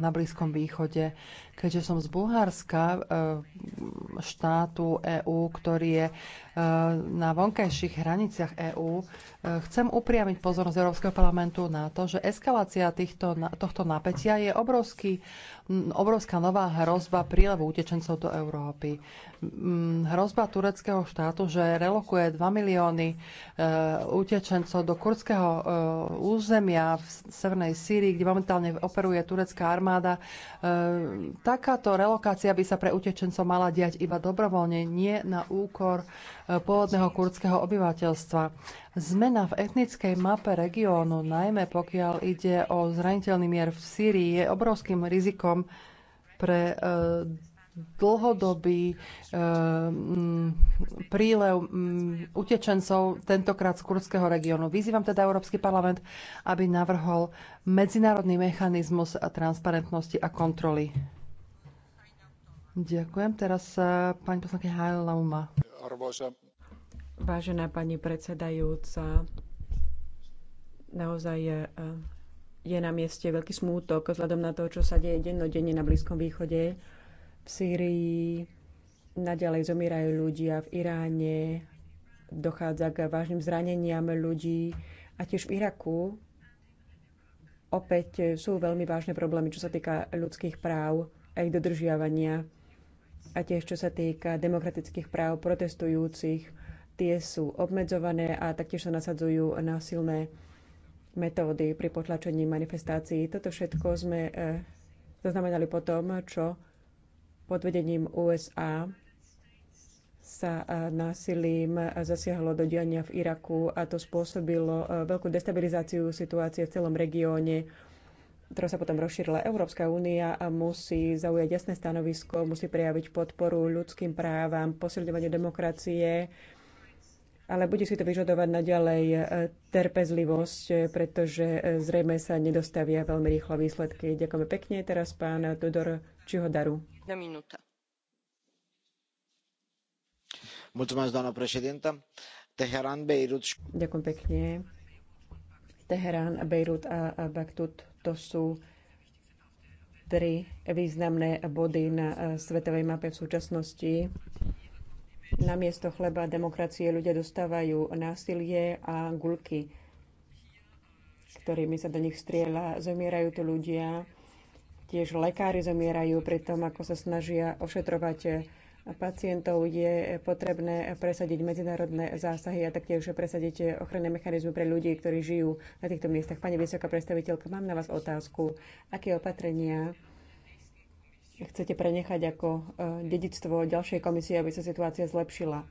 na Blízkom východe. Keďže som z Bulharska, e, štátu EÚ, ktorý je e, na vonkajších hraniciach EÚ, e, chcem upriamiť pozornosť Európskeho parlamentu na to, že eskalácia týchto, tohto napätia je obrovský obrovská nová hrozba prílevu utečencov do Európy. Hrozba tureckého štátu, že relokuje 2 milióny e, utečencov do kurdského e, územia v severnej Sýrii, kde momentálne operuje turecká armáda. E, takáto relokácia by sa pre utečencov mala diať iba dobrovoľne, nie na úkor pôvodného kurdského obyvateľstva. Zmena v etnickej mape regiónu, najmä pokiaľ ide o zraniteľný mier v Sýrii, je obrovským rizikom pre e, dlhodobý e, prílev utečencov, tentokrát z kurdského regiónu. Vyzývam teda Európsky parlament, aby navrhol medzinárodný mechanizmus a transparentnosti a kontroly. Ďakujem. Teraz e, pani poslanky Hajlauma arvoisa... Vážená pani predsedajúca, naozaj je, eh, je na mieste veľký smútok vzhľadom na to, čo sa deje dennodenne na Blízkom východe. V Sýrii naďalej zomierajú ľudia, v Iráne dochádza k vážnym zraneniam ľudí a tiež v Iraku opäť sú veľmi vážne problémy, čo sa týka ľudských práv a ich dodržiavania a tiež čo sa týka demokratických práv protestujúcich, tie sú obmedzované a taktiež sa nasadzujú násilné metódy pri potlačení manifestácií. Toto všetko sme e, zaznamenali po tom, čo pod vedením USA sa e, násilím zasiahlo do diania v Iraku a to spôsobilo e, veľkú destabilizáciu situácie v celom regióne ktorá sa potom rozšírila. Európska únia musí zaujať jasné stanovisko, musí prejaviť podporu ľudským právam, posilňovanie demokracie, ale bude si to vyžadovať naďalej e, terpezlivosť, pretože e, zrejme sa nedostavia veľmi rýchlo výsledky. Ďakujeme pekne. Teraz pán Tudor Čihodaru. Na minúta. Mulțumesc, doamnă președintă. Teheran, Beirut. Ďakujem pekne. Teherán, Beirut a Baktut to sú tri významné body na e, svetovej mape v súčasnosti. Namiesto chleba a demokracie ľudia dostávajú násilie a gulky, ktorými sa do nich strieľa. Zomierajú tu ľudia, tiež lekári zomierajú pri tom, ako sa snažia ošetrovať pacientov je potrebné presadiť medzinárodné zásahy a taktiež presadiť ochranné mechanizmy pre ľudí, ktorí žijú na týchto miestach. Pani vysoká predstaviteľka, mám na vás otázku. Aké opatrenia chcete prenechať ako e, dedictvo ďalšej komisie, aby sa situácia zlepšila?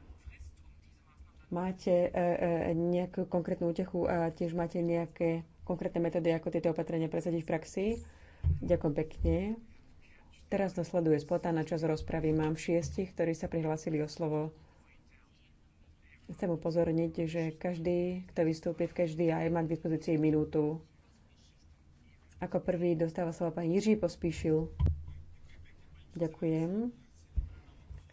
Máte e, e, nejakú konkrétnu útechu a tiež máte nejaké konkrétne metódy, ako tieto opatrenia presadiť v praxi? Ďakujem pekne. Teraz dosleduje spontánna čas rozpravy. Mám šiestich, ktorí sa prihlásili o slovo. Chcem upozorniť, že každý, kto vystúpi v každý aj má k dispozícii minútu. Ako prvý dostáva slovo pani Jiří Pospíšil. Ďakujem.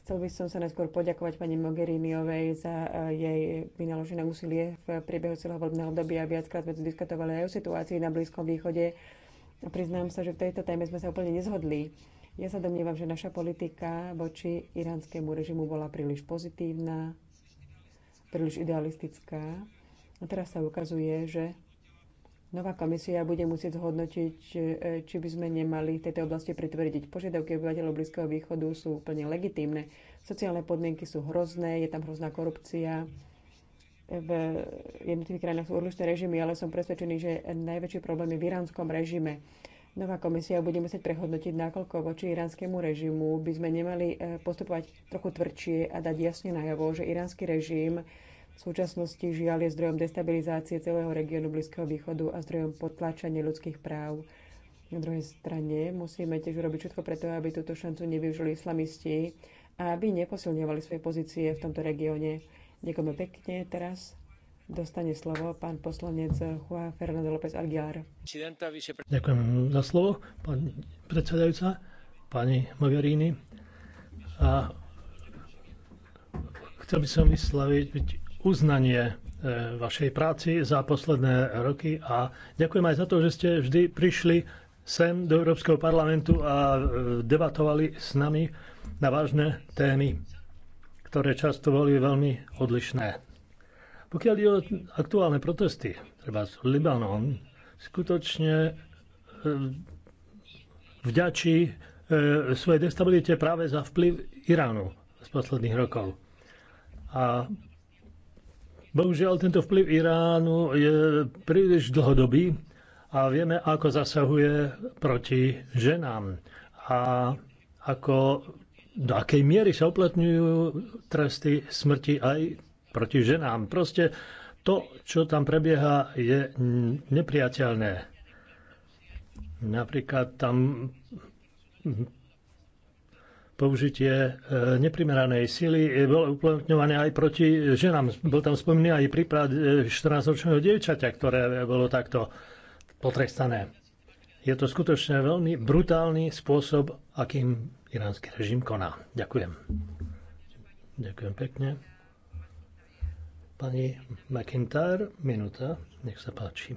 Chcel by som sa najskôr poďakovať pani Mogheriniovej za eh, jej vynaložené úsilie v priebehu celého voľbného obdobia. Viackrát sme diskutovali aj o situácii na Blízkom východe. Priznám sa, že v tejto téme sme sa úplne nezhodli. Ja sa domnievam, že naša politika voči iránskému režimu bola príliš pozitívna, príliš idealistická. A teraz sa ukazuje, že nová komisia bude musieť zhodnotiť, e, či by sme nemali v tejto oblasti pritvrdiť. Požiadavky obyvateľov Blízkeho východu sú úplne legitímne. Sociálne podmienky sú hrozné, je tam hrozná korupcia, v jednotlivých krajinách sú odlišné režimy, ale som presvedčený, že najväčší problém je v iránskom režime. Nová komisia bude musieť prehodnotiť, nakoľko voči iránskemu režimu by sme nemali e, postupovať trochu tvrdšie a dať jasne najavo, že iránsky režim v súčasnosti žiaľ je zdrojom destabilizácie celého regiónu Blízkeho východu a zdrojom potlačenia ľudských práv. Na druhej strane musíme tiež urobiť všetko preto, aby túto šancu nevyužili islamisti a aby neposilňovali svoje pozície v tomto regióne. Ďakujeme pekne. Teraz dostane slovo pán poslanec Juan Fernando López Aguilar. Ďakujem za slovo, pani predsedajúca, pani Mogherini. A chcel by som vysloviť uznanie e, vašej práci za posledné roky a ďakujem aj za to, že ste vždy prišli sem do Európskeho parlamentu a e, debatovali s nami na vážne témy, ktoré často boli veľmi odlišné. Pokiaľ je o aktuálne protesty, treba Libanon, skutočne eh, vďačí eh, svojej destabilite práve za vplyv Iránu z posledných rokov. A bohužiaľ tento vplyv Iránu je príliš dlhodobý a vieme, ako zasahuje proti ženám a ako do akej miery sa uplatňujú tresty smrti aj proti ženám. Proste to, čo tam prebieha, je nepriateľné. Napríklad tam použitie e, neprimeranej sily je bolo uplatňované aj proti ženám. Bol tam spomínaný aj prípad 14-ročného e, dievčaťa, ktoré bolo takto potrestané. Je to skutočne veľmi brutálny spôsob, akým iránsky režim koná. Ďakujem. Ďakujem pekne. Pani McIntyre, minúta, nech sa páči.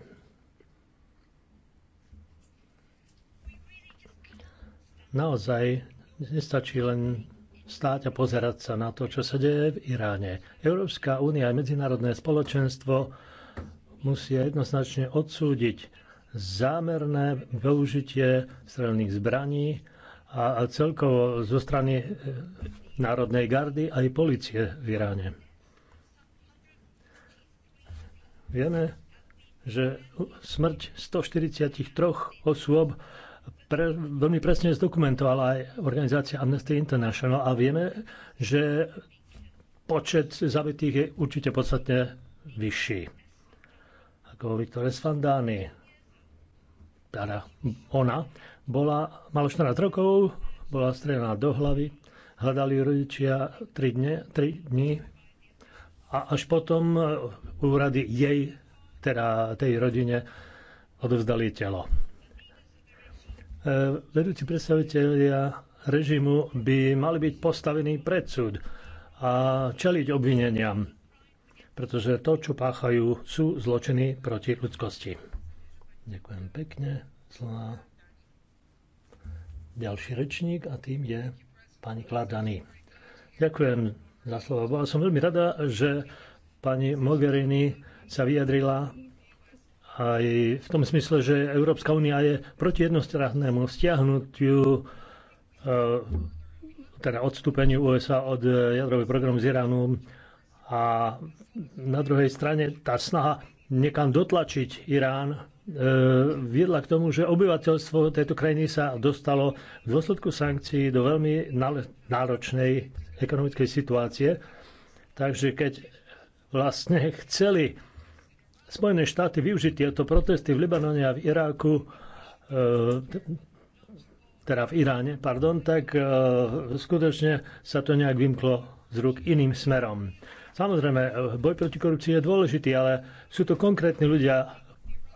Naozaj nestačí len stáť a pozerať sa na to, čo sa deje v Iráne. Európska únia a medzinárodné spoločenstvo musia jednoznačne odsúdiť zámerné využitie strelných zbraní a celkovo zo strany e, Národnej gardy aj policie v Iráne. Vieme, že smrť 143 osôb pre, veľmi presne zdokumentovala aj organizácia Amnesty International a vieme, že počet zabitých je určite podstatne vyšší. Ako Viktor Svandány, teda ona, bola, malo 14 rokov, bola strelená do hlavy, hľadali rodičia 3 dni, 3 dní a až potom e, úrady jej, teda tej rodine, odovzdali telo. E, vedúci predstavitelia režimu by mali byť postavení pred súd a čeliť obvineniam, pretože to, čo páchajú, sú zločiny proti ľudskosti. Ďakujem pekne. Slova. Ďalší rečník a tým je pani Kladany. Ďakujem za slovo. Bola som veľmi rada, že pani Mogherini sa vyjadrila aj v tom smysle, že Európska únia je proti jednostrannému stiahnutiu eh, teda odstúpeniu USA od eh, jadrového programu z Iránu a na druhej strane tá snaha niekam dotlačiť Irán E, viedla k tomu, že obyvateľstvo tejto krajiny sa dostalo v dôsledku sankcií do veľmi náročnej ekonomickej situácie. Takže keď vlastne chceli Spojené štáty využiť tieto protesty v Libanone a v Iráku, e, teda v Iráne, pardon, tak e, skutočne sa to nejak vymklo z rúk iným smerom. Samozrejme, boj proti korupcii je dôležitý, ale sú to konkrétni ľudia,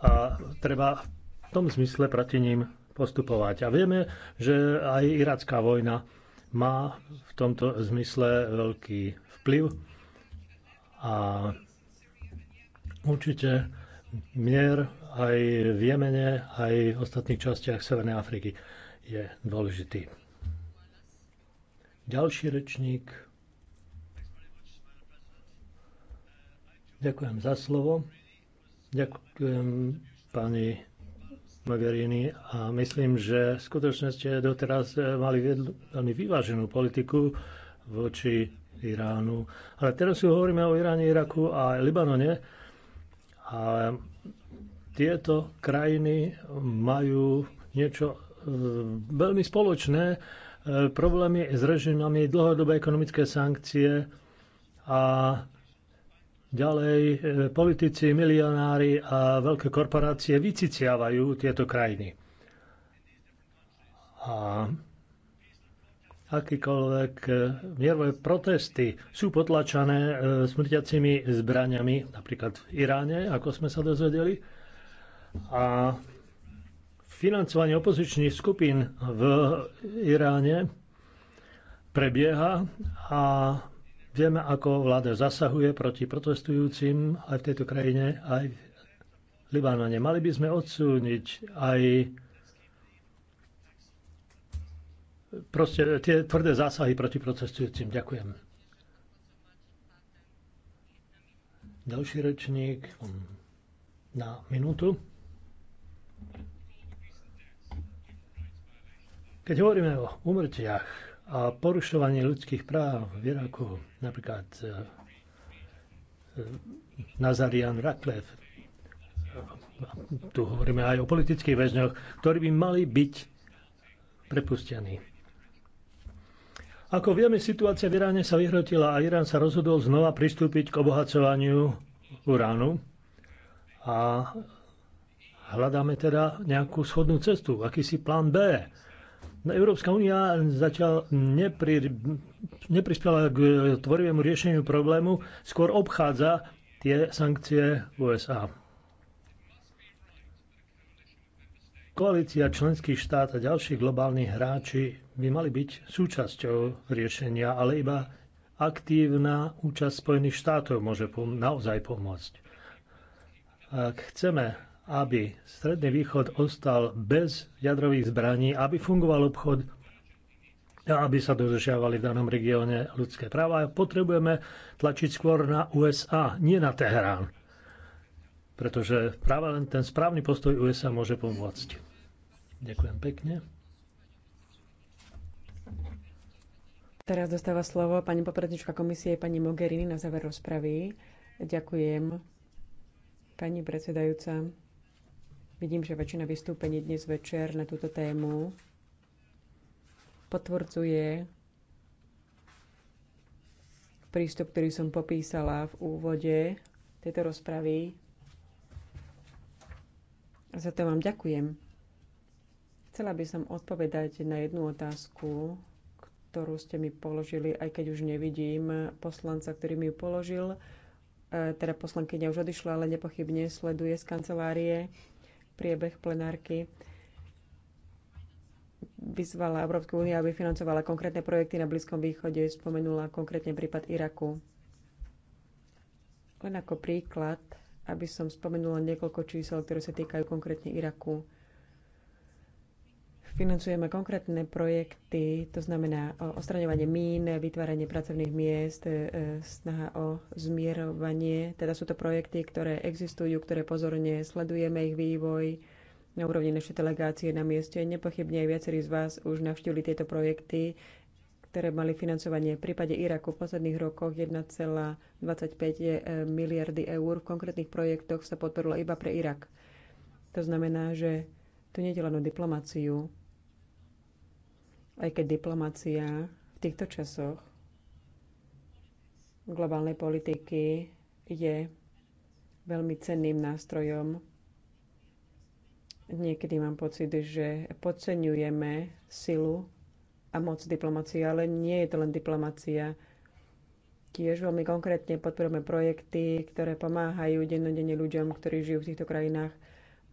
a treba v tom zmysle proti ním postupovať. A vieme, že aj iracká vojna má v tomto zmysle veľký vplyv a určite mier aj v Jemene, aj v ostatných častiach Severnej Afriky je dôležitý. Ďalší rečník. Ďakujem za slovo. Ďakujem pani Mogherini a myslím, že skutočne ste doteraz eh, mali veľmi vyváženú politiku voči Iránu. Ale teraz si hovoríme o Iráne, Iraku a Libanone. A tieto krajiny majú niečo eh, veľmi spoločné. Eh, problémy s režimami, dlhodobé ekonomické sankcie a Ďalej e, politici, milionári a veľké korporácie vyciciavajú tieto krajiny. A akýkoľvek e, mierové protesty sú potlačané e, smrťacími zbraniami, napríklad v Iráne, ako sme sa dozvedeli. A financovanie opozičných skupín v Iráne prebieha a Vieme, ako vláda zasahuje proti protestujúcim aj v tejto krajine, aj v Libanone. Mali by sme odsúniť aj proste tie tvrdé zásahy proti protestujúcim. Ďakujem. Ďalší rečník na minútu. Keď hovoríme o umrtiach a porušovanie ľudských práv v Iraku, napríklad e, e, Nazarian Raklev, tu hovoríme aj o politických väzňoch, ktorí by mali byť prepustení. Ako vieme, situácia v Iráne sa vyhrotila a Irán sa rozhodol znova pristúpiť k obohacovaniu uránu a hľadáme teda nejakú schodnú cestu, akýsi plán B No, Európska únia zatiaľ nepri, neprispela k tvorivému riešeniu problému, skôr obchádza tie sankcie USA. Koalícia členských štát a ďalší globálni hráči by mali byť súčasťou riešenia, ale iba aktívna účasť Spojených štátov môže naozaj pomôcť. Ak chceme aby Stredný východ ostal bez jadrových zbraní, aby fungoval obchod a aby sa dodržiavali v danom regióne ľudské práva. Potrebujeme tlačiť skôr na USA, nie na Teherán. Pretože práve len ten správny postoj USA môže pomôcť. Ďakujem pekne. Teraz dostáva slovo pani popredníčka komisie, pani Mogherini na záver rozpravy. Ďakujem, pani predsedajúca. Vidím, že väčšina vystúpení dnes večer na túto tému potvrdzuje prístup, ktorý som popísala v úvode tejto rozpravy. Za to vám ďakujem. Chcela by som odpovedať na jednu otázku, ktorú ste mi položili, aj keď už nevidím poslanca, ktorý mi ju položil. E, teda poslankyňa už odišla, ale nepochybne sleduje z kancelárie priebeh plenárky vyzvala Európsku únia, aby financovala konkrétne projekty na Blízkom východe, spomenula konkrétne prípad Iraku. Len ako príklad, aby som spomenula niekoľko čísel, ktoré sa týkajú konkrétne Iraku financujeme konkrétne projekty, to znamená ostraňovanie mín, vytváranie pracovných miest, e, snaha o zmierovanie. Teda sú to projekty, ktoré existujú, ktoré pozorne sledujeme ich vývoj na úrovni našej delegácie na mieste. Nepochybne aj viacerí z vás už navštívili tieto projekty, ktoré mali financovanie v prípade Iraku v posledných rokoch 1,25 e, miliardy eur. V konkrétnych projektoch sa podporilo iba pre Irak. To znamená, že tu nie je len o diplomáciu, aj keď diplomácia v týchto časoch globálnej politiky je veľmi cenným nástrojom. Niekedy mám pocit, že podceňujeme silu a moc diplomácie, ale nie je to len diplomácia. Tiež veľmi konkrétne podporujeme projekty, ktoré pomáhajú dennodenne ľuďom, ktorí žijú v týchto krajinách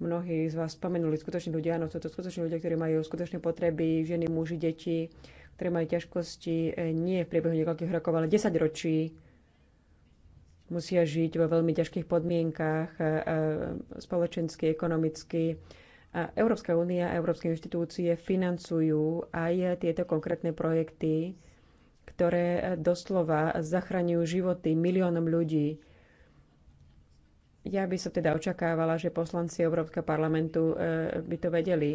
mnohí z vás spomenuli, skutoční ľudia, áno, sú to skutoční ľudia, ktorí majú skutočné potreby, ženy, muži, deti, ktoré majú ťažkosti e, nie v priebehu niekoľkých rokov, ale 10 ročí musia žiť vo veľmi ťažkých podmienkách e, e, spoločensky, ekonomicky. A Európska únia a európske inštitúcie financujú aj tieto konkrétne projekty, ktoré doslova zachraňujú životy miliónom ľudí. Ja by som teda očakávala, že poslanci Európskeho parlamentu e, by to vedeli.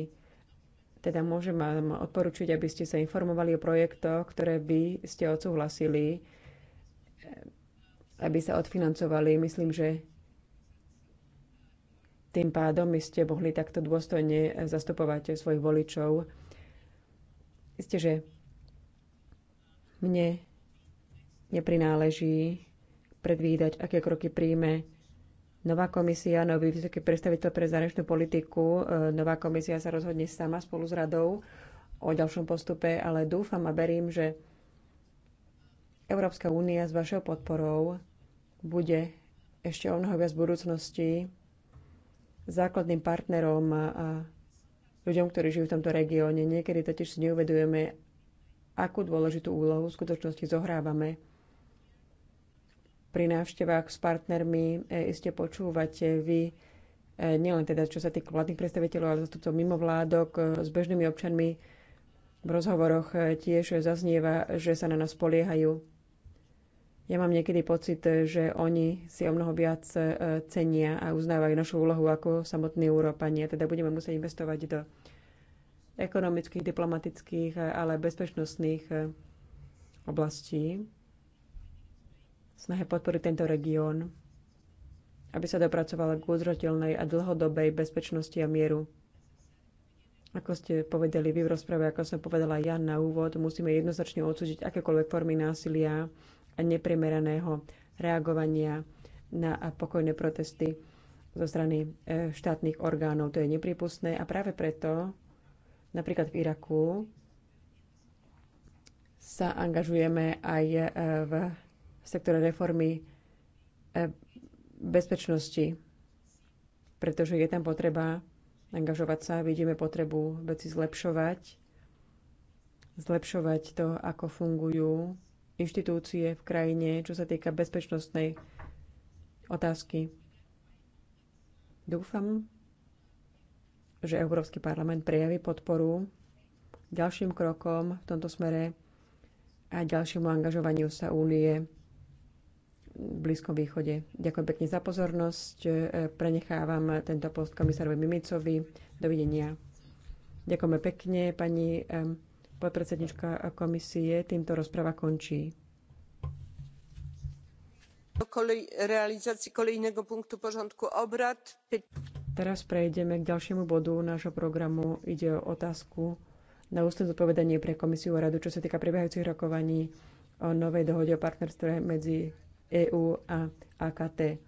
Teda môžem vám odporučiť, aby ste sa informovali o projektoch, ktoré by ste odsúhlasili, e, aby sa odfinancovali. Myslím, že tým pádom by ste mohli takto dôstojne zastupovať svojich voličov. Isté, že mne neprináleží predvídať, aké kroky príjme Nová komisia, nový vysoký predstaviteľ pre zahraničnú politiku, e, nová komisia sa rozhodne sama spolu s radou o ďalšom postupe, ale dúfam a verím, že Európska únia s vašou podporou bude ešte o mnoho viac v budúcnosti základným partnerom a ľuďom, ktorí žijú v tomto regióne. Niekedy totiž si neuvedujeme, akú dôležitú úlohu v skutočnosti zohrávame pri návštevách s partnermi e, iste počúvate vy, e, nielen teda čo sa týka vládnych predstaviteľov, ale zastupcov mimovládok, e, s bežnými občanmi. V rozhovoroch tiež zaznieva, že sa na nás poliehajú. Ja mám niekedy pocit, že oni si o mnoho viac cenia a uznávajú našu úlohu ako samotní Európania. Teda budeme musieť investovať do ekonomických, diplomatických, ale bezpečnostných oblastí snahe podporiť tento región, aby sa dopracovala k udržateľnej a dlhodobej bezpečnosti a mieru. Ako ste povedali vy v rozprave, ako som povedala ja na úvod, musíme jednoznačne odsúdiť akékoľvek formy násilia a neprimeraného reagovania na pokojné protesty zo strany e, štátnych orgánov. To je nepripustné a práve preto napríklad v Iraku sa angažujeme aj e, v v sektore reformy e, bezpečnosti, pretože je tam potreba angažovať sa, vidíme potrebu veci zlepšovať, zlepšovať to, ako fungujú inštitúcie v krajine, čo sa týka bezpečnostnej otázky. Dúfam, že Európsky parlament prejaví podporu ďalším krokom v tomto smere a ďalšiemu angažovaniu sa únie Blízkom východe. Ďakujem pekne za pozornosť. E, prenechávam tento post komisárovi Mimicovi. Dovidenia. Ďakujeme pekne, pani podpredsednička komisie. Týmto rozprava končí. realizácii kolejného punktu obrad. Teraz prejdeme k ďalšiemu bodu nášho programu. Ide o otázku na ústne zodpovedanie pre komisiu a radu, čo sa týka prebiehajúcich rokovaní o novej dohode o partnerstve medzi EÚ a AKT.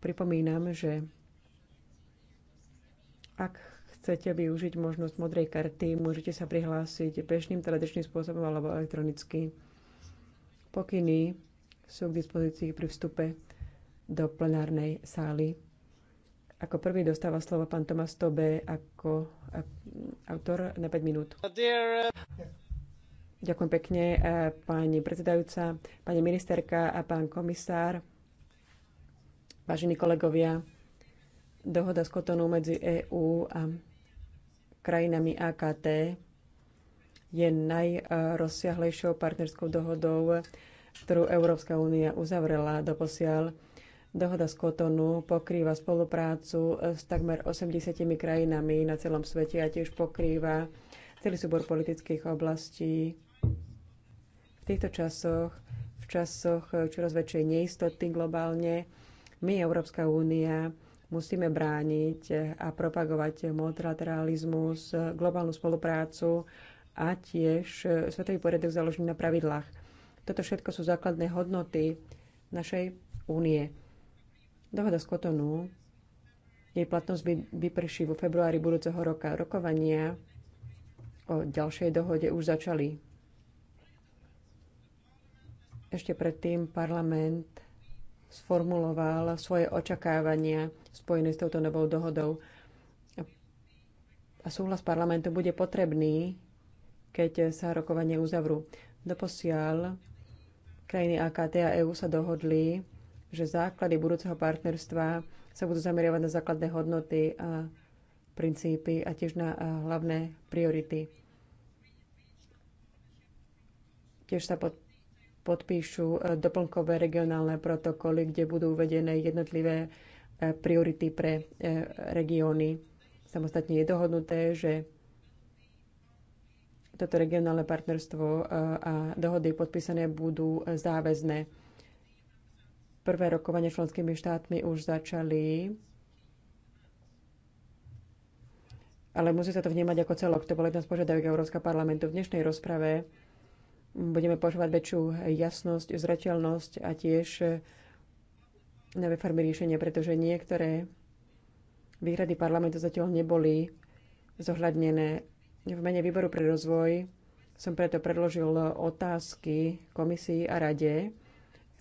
Pripomínam, že ak chcete využiť možnosť modrej karty, môžete sa prihlásiť bežným tradičným spôsobom alebo elektronicky. Pokyny sú k dispozícii pri vstupe do plenárnej sály. Ako prvý dostáva slovo pán Tomas Tobe ako autor na 5 minút. Uh, Ďakujem pekne, e, pani predsedajúca, pani ministerka a pán komisár. Vážení kolegovia, dohoda s Kotonou medzi EÚ a krajinami AKT je najrozsiahlejšou partnerskou dohodou, ktorú Európska únia uzavrela doposiaľ. Dohoda z Kotonu pokrýva spoluprácu s takmer 80 krajinami na celom svete a tiež pokrýva celý súbor politických oblastí, v týchto časoch, v časoch eh, čoraz väčšej neistoty globálne, my, Európska únia, musíme brániť a propagovať multilateralizmus, eh, globálnu spoluprácu a tiež eh, svetový poriadok založený na pravidlách. Toto všetko sú základné hodnoty našej únie. Dohoda z Kotonu, jej platnosť by vyprší vo februári budúceho roka. Rokovania o ďalšej dohode už začali. Ešte predtým parlament sformuloval svoje očakávania spojené s touto novou dohodou. A súhlas parlamentu bude potrebný, keď sa rokovanie uzavrú. Doposiaľ krajiny AKT a EÚ sa dohodli, že základy budúceho partnerstva sa budú zameriavať na základné hodnoty a princípy a tiež na hlavné priority. Tiež sa pod, podpíšu e, doplnkové regionálne protokoly, kde budú uvedené jednotlivé e, priority pre e, regióny. Samostatne je dohodnuté, že toto regionálne partnerstvo a dohody podpísané budú záväzné. Prvé rokovanie členskými štátmi už začali, ale musí sa to vnímať ako celok. To bol jedna z požiadaviek Európska parlamentu v dnešnej rozprave budeme požívať väčšiu jasnosť, zreteľnosť a tiež nové farmy riešenia, pretože niektoré výhrady parlamentu zatiaľ neboli zohľadnené. V mene výboru pre rozvoj som preto predložil otázky komisii a rade.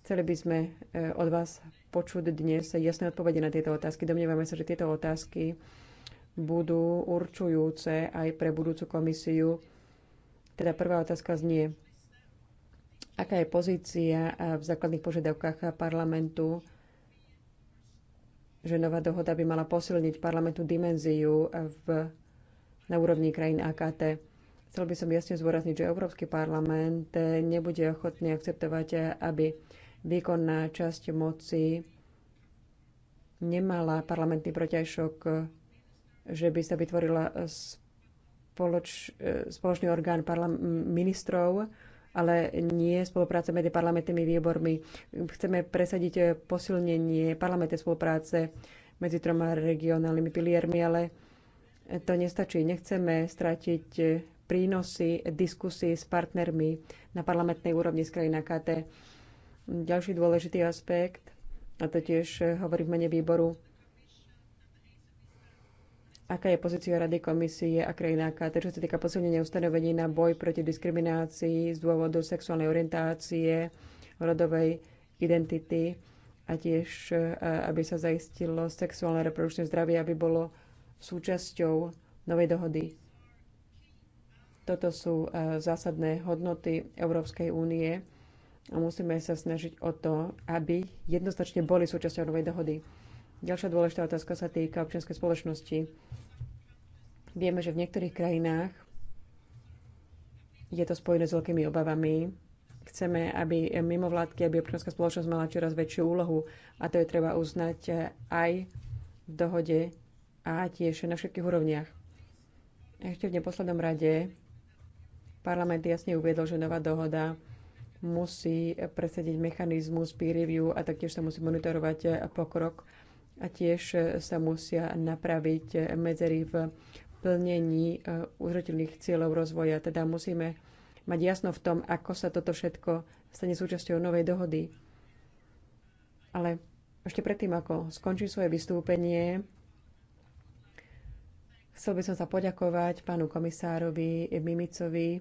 Chceli by sme eh, od vás počuť dnes jasné odpovede na tieto otázky. Domnievame sa, že tieto otázky budú určujúce aj pre budúcu komisiu. Teda prvá otázka znie, aká je pozícia v základných požiadavkách parlamentu, že nová dohoda by mala posilniť parlamentu dimenziu v, na úrovni krajín AKT. Chcel by som jasne zdôrazniť, že Európsky parlament nebude ochotný akceptovať, aby výkonná časť moci nemala parlamentný protiažok, že by sa vytvorila spoloč, e, spoločný orgán ministrov, ale nie spolupráce medzi parlamentnými výbormi. Chceme presadiť posilnenie parlamentnej spolupráce medzi troma regionálnymi piliermi, ale to nestačí. Nechceme stratiť prínosy diskusí s partnermi na parlamentnej úrovni z krajina KT. Ďalší dôležitý aspekt, a to tiež hovorí v mene výboru, aká je pozícia Rady komisie a krajináka, AKT, čo sa týka posilnenia ustanovení na boj proti diskriminácii z dôvodu sexuálnej orientácie, rodovej identity a tiež, e, aby sa zaistilo sexuálne reprodukčné zdravie, aby bolo súčasťou novej dohody. Toto sú e, zásadné hodnoty Európskej únie a musíme sa snažiť o to, aby jednoznačne boli súčasťou novej dohody. Ďalšia dôležitá otázka sa týka občianskej spoločnosti. Vieme, že v niektorých krajinách je to spojené s veľkými obavami. Chceme, aby mimovládky, aby občianská spoločnosť mala čoraz väčšiu úlohu a to je treba uznať aj v dohode a tiež na všetkých úrovniach. Ešte v neposlednom rade parlament jasne uviedol, že nová dohoda musí presediť mechanizmus peer review a taktiež sa musí monitorovať pokrok a tiež e, sa musia napraviť e, medzery v plnení e, udržateľných cieľov rozvoja. Teda musíme mať jasno v tom, ako sa toto všetko stane súčasťou novej dohody. Ale ešte predtým, ako skončím svoje vystúpenie, chcel by som sa poďakovať pánu komisárovi Mimicovi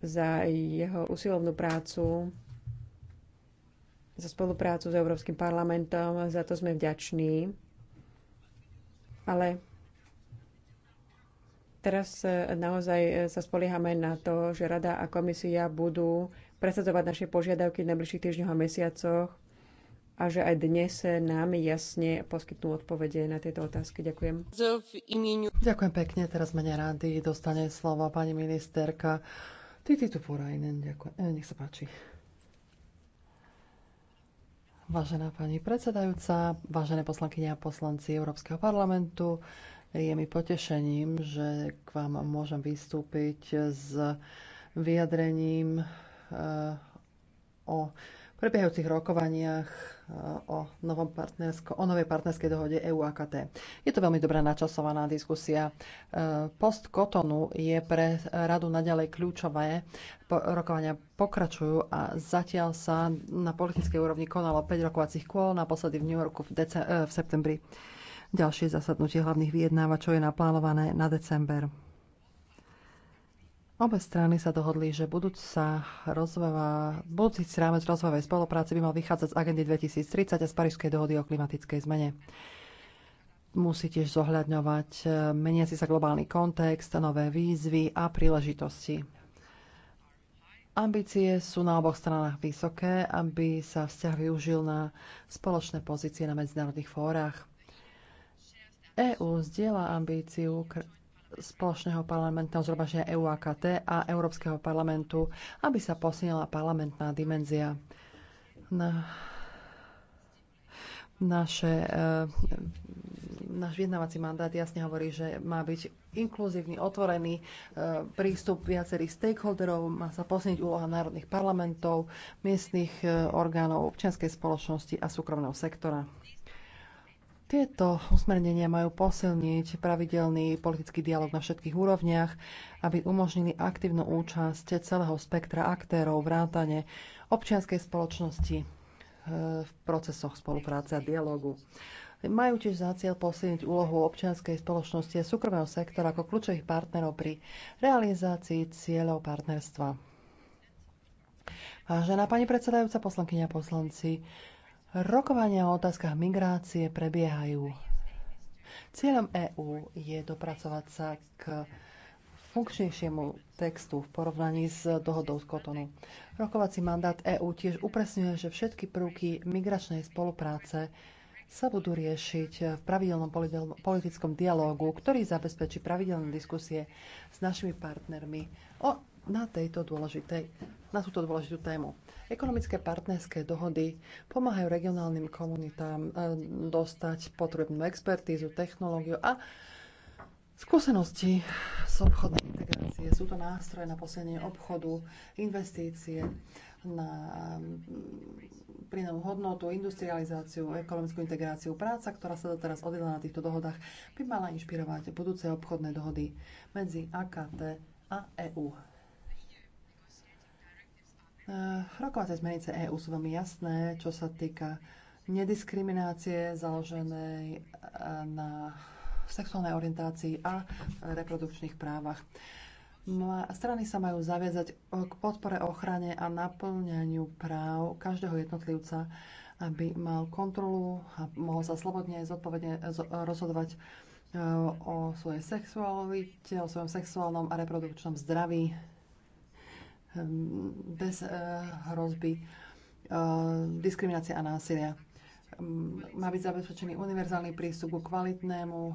za jeho usilovnú prácu za spoluprácu s Európskym parlamentom, za to sme vďační. Ale teraz eh, naozaj eh, sa spoliehame na to, že Rada a komisia budú presadzovať naše požiadavky v najbližších týždňoch a mesiacoch a že aj dnes nám jasne poskytnú odpovede na tieto otázky. Ďakujem. Ďakujem pekne. Teraz mene rady dostane slovo pani ministerka Titi Tupurajnen. Ďakujem. Eh, nech sa páči. Vážená pani predsedajúca, vážené poslankyne a poslanci Európskeho parlamentu, je mi potešením, že k vám môžem vystúpiť s vyjadrením eh, o prebiehajúcich rokovaniach eh, o, novom partnersko, o novej partnerskej dohode EU a KT. Je to veľmi dobrá načasovaná diskusia. Eh, post Kotonu je pre radu naďalej kľúčové. Rokovania pokračujú a zatiaľ sa na politickej úrovni konalo 5 rokovacích kôl, naposledy v New Yorku v, dece- eh, v septembri. Ďalšie zasadnutie hlavných vyjednávačov je naplánované na december. Obe strany sa dohodli, že budúca rozvojová, budúci rámec rozvojovej spolupráce by mal vychádzať z agendy 2030 a z Parížskej dohody o klimatickej zmene. Musí tiež zohľadňovať e, meniaci sa globálny kontext, nové výzvy a príležitosti. Ambície sú na oboch stranách vysoké, aby sa vzťah využil na spoločné pozície na medzinárodných fórach. EÚ zdieľa ambíciu spoločného parlamentného EU e EUAKT a Európskeho parlamentu, aby sa posilnila parlamentná dimenzia. Na naše, eh, náš vyjednávací mandát jasne hovorí, že má byť inkluzívny, otvorený eh, prístup viacerých stakeholderov, má sa posilniť úloha národných parlamentov, miestnych eh, orgánov, občianskej spoločnosti a súkromného sektora. Tieto usmernenia majú posilniť pravidelný politický dialog na všetkých úrovniach, aby umožnili aktívnu účasť celého spektra aktérov vrátane občianskej spoločnosti e, v procesoch spolupráce a dialogu. Majú tiež za cieľ posilniť úlohu občianskej spoločnosti a súkromného sektora ako kľúčových partnerov pri realizácii cieľov partnerstva. Vážená pani predsedajúca, poslankyňa a poslanci, Rokovania o otázkach migrácie prebiehajú. Cieľom EÚ je dopracovať sa k funkčnejšiemu textu v porovnaní s dohodou z Kotonu. Rokovací mandát EÚ tiež upresňuje, že všetky prvky migračnej spolupráce sa budú riešiť v pravidelnom politickom dialógu, ktorý zabezpečí pravidelné diskusie s našimi partnermi o na, tejto dôležitej, na túto dôležitú tému. Ekonomické partnerské dohody pomáhajú regionálnym komunitám eh, dostať potrebnú expertízu, technológiu a skúsenosti z obchodnej integrácie. Sú to nástroje na posilnenie obchodu, investície, na mm, pridanú hodnotu, industrializáciu, ekonomickú integráciu. Práca, ktorá sa doteraz odvedla na týchto dohodách, by mala inšpirovať budúce obchodné dohody medzi AKT a EÚ. Eh, rokovacie smernice EÚ sú veľmi jasné, čo sa týka nediskriminácie založenej eh, na sexuálnej orientácii a reprodukčných právach. No strany sa majú zaviazať k podpore, ochrane a naplňaniu práv každého jednotlivca, aby mal kontrolu a mohol sa slobodne zodpovedne eh, rozhodovať o svojej sexualite, o svojom sexuálnom a reprodukčnom zdraví Ehm, bez eh, hrozby eh, diskriminácie a násilia. Ehm, má byť zabezpečený univerzálny prístup ku kvalitnému,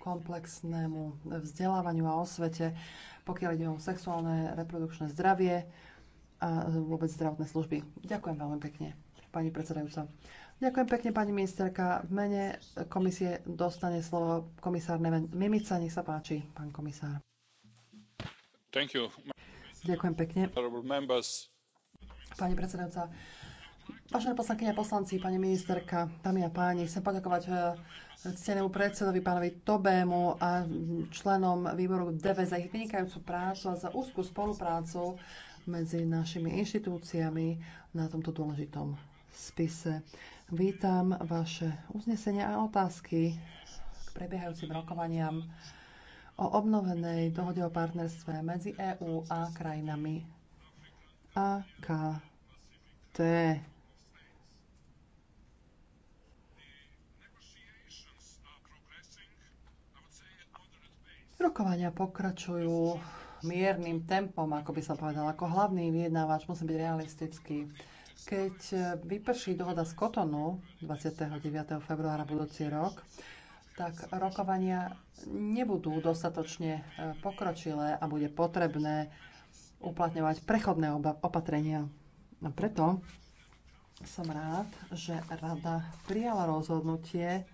komplexnému vzdelávaniu a osvete, pokiaľ ide o sexuálne, reprodukčné zdravie a vôbec zdravotné služby. Ďakujem veľmi pekne, pani predsedajúca. Ďakujem pekne, pani ministerka. V mene komisie dostane slovo komisár Neven Mimica. Nech sa páči, pán komisár. Thank you. Ďakujem pekne. Pani predsedajúca, vážené poslankyne a poslanci, pani ministerka, dámy a páni, chcem poďakovať eh, ctenému predsedovi pánovi Tobému a členom výboru DV za ich vynikajúcu prácu a za úzkú spoluprácu medzi našimi inštitúciami na tomto dôležitom spise. Vítam vaše uznesenia a otázky k prebiehajúcim rokovaniam o obnovenej dohode o partnerstve medzi EÚ a krajinami AKT. Rokovania pokračujú miernym tempom, ako by som povedala. Ako hlavný vyjednávač musí byť realistický. Keď vyprší dohoda z Kotonu 29. februára budúci rok, tak rokovania nebudú dostatočne e, pokročilé a bude potrebné uplatňovať prechodné opatrenia. A preto som rád, že Rada prijala rozhodnutie,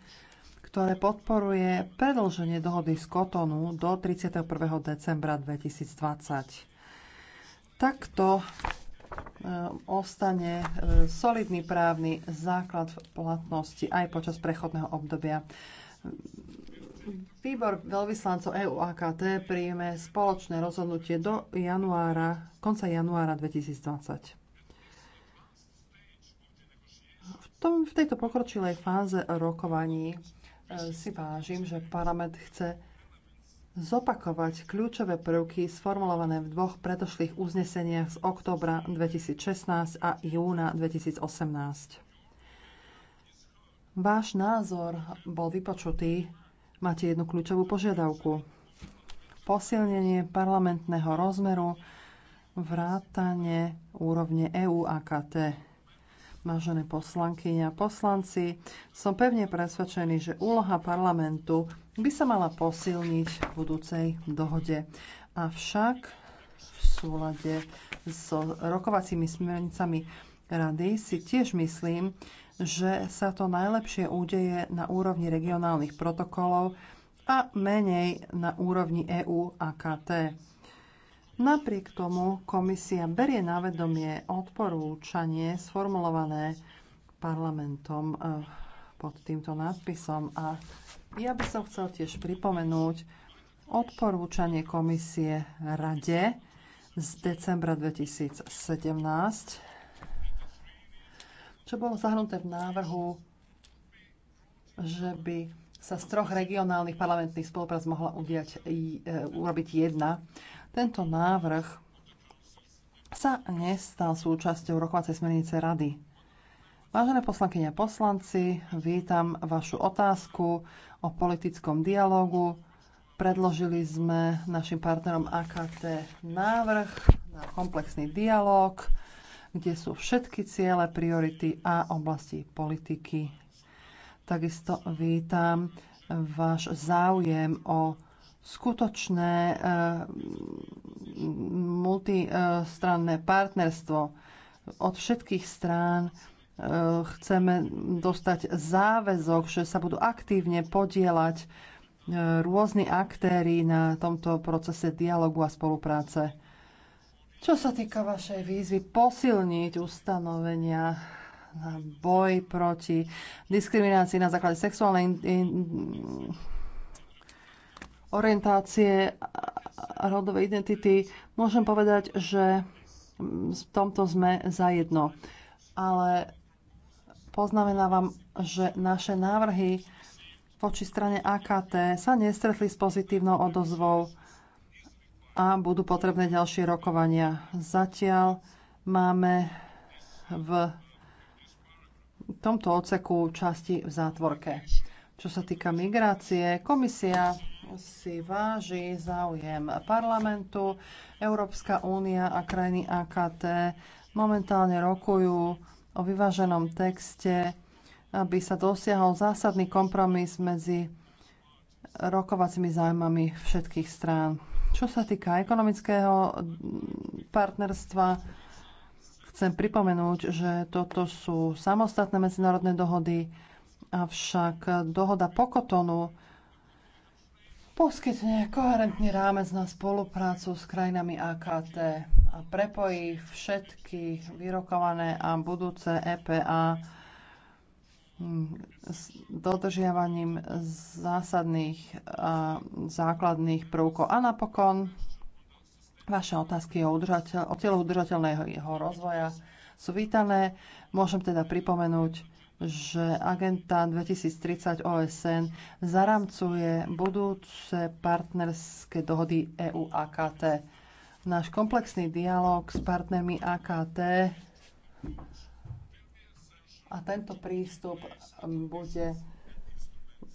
ktoré podporuje predlženie dohody z Kotonu do 31. decembra 2020. Takto e, ostane e, solidný právny základ v platnosti aj počas prechodného obdobia. Výbor veľvyslancov EU AKT príjme spoločné rozhodnutie do januára, konca januára 2020. V, tom, v tejto pokročilej fáze rokovaní e, si vážim, že parlament chce zopakovať kľúčové prvky sformulované v dvoch predošlých uzneseniach z oktobra 2016 a júna 2018. Váš názor bol vypočutý. Máte jednu kľúčovú požiadavku. Posilnenie parlamentného rozmeru, vrátane úrovne EU AKT. Vážené poslanky a poslanci, som pevne presvedčený, že úloha parlamentu by sa mala posilniť v budúcej dohode. Avšak v súlade s rokovacími smernicami rady si tiež myslím, že sa to najlepšie udeje na úrovni regionálnych protokolov a menej na úrovni EU a KT. Napriek tomu komisia berie na vedomie odporúčanie sformulované parlamentom eh, pod týmto nadpisom a ja by som chcel tiež pripomenúť odporúčanie komisie Rade z decembra 2017 čo bolo zahrnuté v návrhu, že by sa z troch regionálnych parlamentných spoluprác mohla udiať, e, urobiť jedna. Tento návrh sa nestal súčasťou rokovacej smernice rady. Vážené poslankyne a poslanci, vítam vašu otázku o politickom dialogu. Predložili sme našim partnerom AKT návrh na komplexný dialog kde sú všetky ciele, priority a oblasti politiky. Takisto vítam váš záujem o skutočné eh, multistranné partnerstvo od všetkých strán eh, chceme dostať záväzok, že sa budú aktívne podielať eh, rôzni aktéry na tomto procese dialogu a spolupráce. Čo sa týka vašej výzvy posilniť ustanovenia na boj proti diskriminácii na základe sexuálnej in, in, orientácie a rodovej identity, môžem povedať, že v tomto sme zajedno. Ale poznamenávam, že naše návrhy voči strane AKT sa nestretli s pozitívnou odozvou a budú potrebné ďalšie rokovania. Zatiaľ máme v tomto oceku časti v zátvorke. Čo sa týka migrácie, komisia si váži záujem parlamentu. Európska únia a krajiny AKT momentálne rokujú o vyváženom texte, aby sa dosiahol zásadný kompromis medzi rokovacími zájmami všetkých strán. Čo sa týka ekonomického partnerstva, chcem pripomenúť, že toto sú samostatné medzinárodné dohody, avšak dohoda pokotonu poskytne koherentný rámec na spoluprácu s krajinami AKT a prepojí všetky vyrokované a budúce EPA Mm, s dodržiavaním zásadných a základných prvkov. A napokon vaše otázky o, udržateľ, o cieľoch udržateľného jeho rozvoja sú vítané. Môžem teda pripomenúť, že agenta 2030 OSN zaramcuje budúce partnerské dohody EU-AKT. Náš komplexný dialog s partnermi AKT a tento prístup um, bude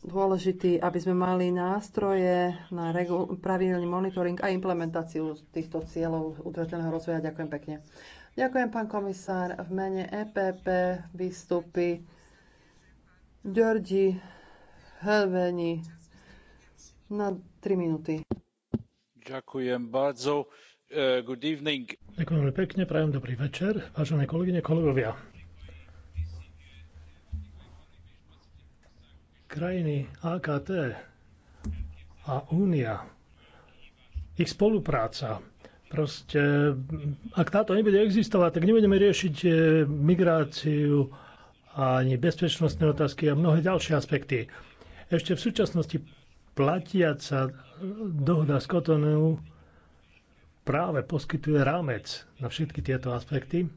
dôležitý, aby sme mali nástroje na pravidelný monitoring a implementáciu týchto cieľov udržateľného rozvoja. Ďakujem pekne. Ďakujem, pán komisár. V mene EPP vystupí Ďordi Helveni na 3 minúty. Ďakujem bardzo. E, good evening. Ďakujem pekne, prajem dobrý večer, vážené kolegyne, kolegovia. Krajiny AKT a Únia, ich spolupráca, proste, ak táto nebude existovať, tak nebudeme riešiť e, migráciu ani bezpečnostné otázky a mnohé ďalšie aspekty. Ešte v súčasnosti platiaca e, dohoda z Kotonu práve poskytuje rámec na všetky tieto aspekty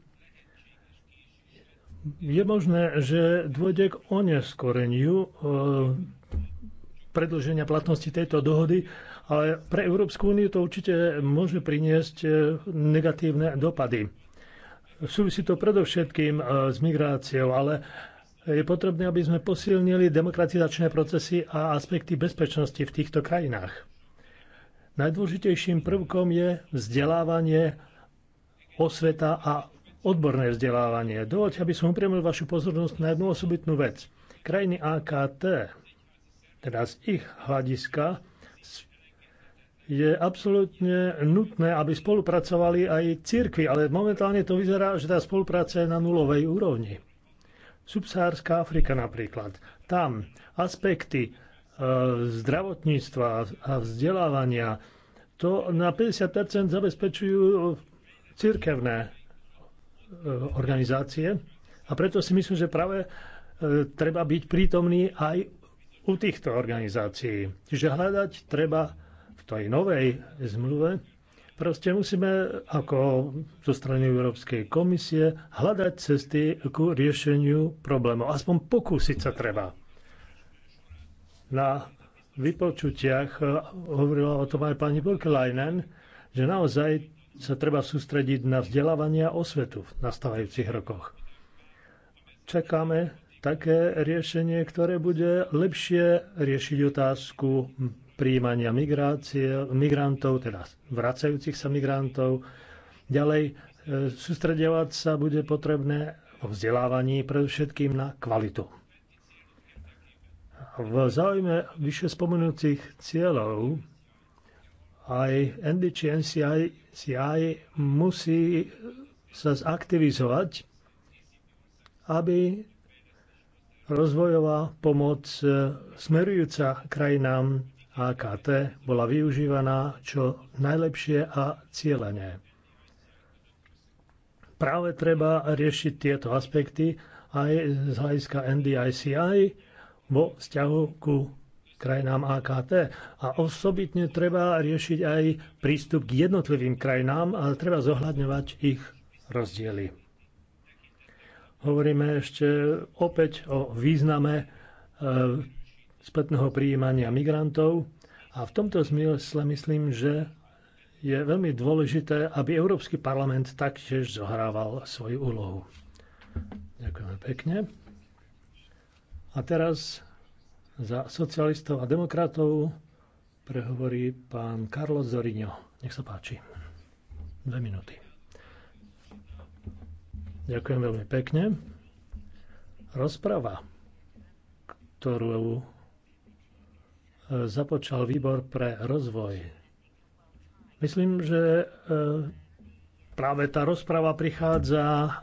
je možné, že dôjde k oneskoreniu e, predlženia platnosti tejto dohody, ale pre Európsku úniu to určite môže priniesť e, negatívne dopady. Súvisí to predovšetkým e, s migráciou, ale je potrebné, aby sme posilnili demokratizačné procesy a aspekty bezpečnosti v týchto krajinách. Najdôležitejším prvkom je vzdelávanie, osveta a odborné vzdelávanie. Dovoľte, aby som upriamil vašu pozornosť na jednu osobitnú vec. Krajiny AKT, teda z ich hľadiska, je absolútne nutné, aby spolupracovali aj cirkvi, ale momentálne to vyzerá, že tá spolupráca je na nulovej úrovni. Subsahárska Afrika napríklad. Tam aspekty e, zdravotníctva a vzdelávania, to na 50 zabezpečujú cirkevné Eh, organizácie. A preto si myslím, že práve eh, treba byť prítomný aj u týchto organizácií. Čiže hľadať treba v tej novej zmluve. Proste musíme ako zo strany Európskej komisie hľadať cesty ku riešeniu problémov. Aspoň pokúsiť sa treba. Na vypočutiach eh, hovorila o tom aj pani Burkleinen, že naozaj sa treba sústrediť na vzdelávanie a osvetu v nastávajúcich rokoch. Čakáme také riešenie, ktoré bude lepšie riešiť otázku príjmania migrácie, migrantov, teda vracajúcich sa migrantov. Ďalej e, sústredovať sa bude potrebné o vzdelávaní predovšetkým na kvalitu. V záujme vyššie spomenúcich cieľov aj NCI musí sa zaktivizovať, aby rozvojová pomoc e, smerujúca krajinám AKT bola využívaná čo najlepšie a cieľené. Práve treba riešiť tieto aspekty aj z hľadiska NDICI vo vzťahu ku krajinám AKT. A osobitne treba riešiť aj prístup k jednotlivým krajinám a treba zohľadňovať ich rozdiely. Hovoríme ešte opäť o význame e, spätného prijímania migrantov a v tomto zmysle myslím, že je veľmi dôležité, aby Európsky parlament taktiež zohrával svoju úlohu. Ďakujeme pekne. A teraz za socialistov a demokratov prehovorí pán Carlos Zorino. Nech sa páči. Dve minúty. Ďakujem veľmi pekne. Rozprava, ktorú eh, započal výbor pre rozvoj. Myslím, že eh, práve tá rozprava prichádza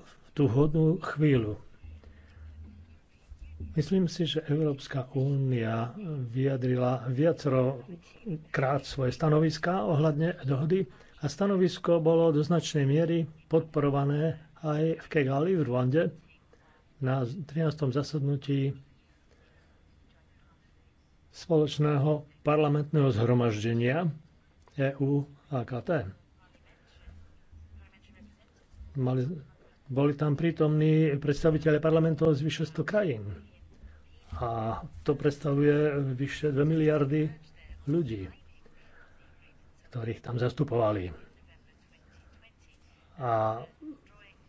v tú hodnú chvíľu. Myslím si, že Európska únia vyjadrila viacero krát svoje stanoviská ohľadne dohody a stanovisko bolo do značnej miery podporované aj v Kegali v Rwande na 13. zasadnutí spoločného parlamentného zhromaždenia EU a KT. Mali, boli tam prítomní predstaviteľe parlamentov z vyše 100 krajín. A to predstavuje vyše 2 miliardy ľudí, ktorých tam zastupovali. A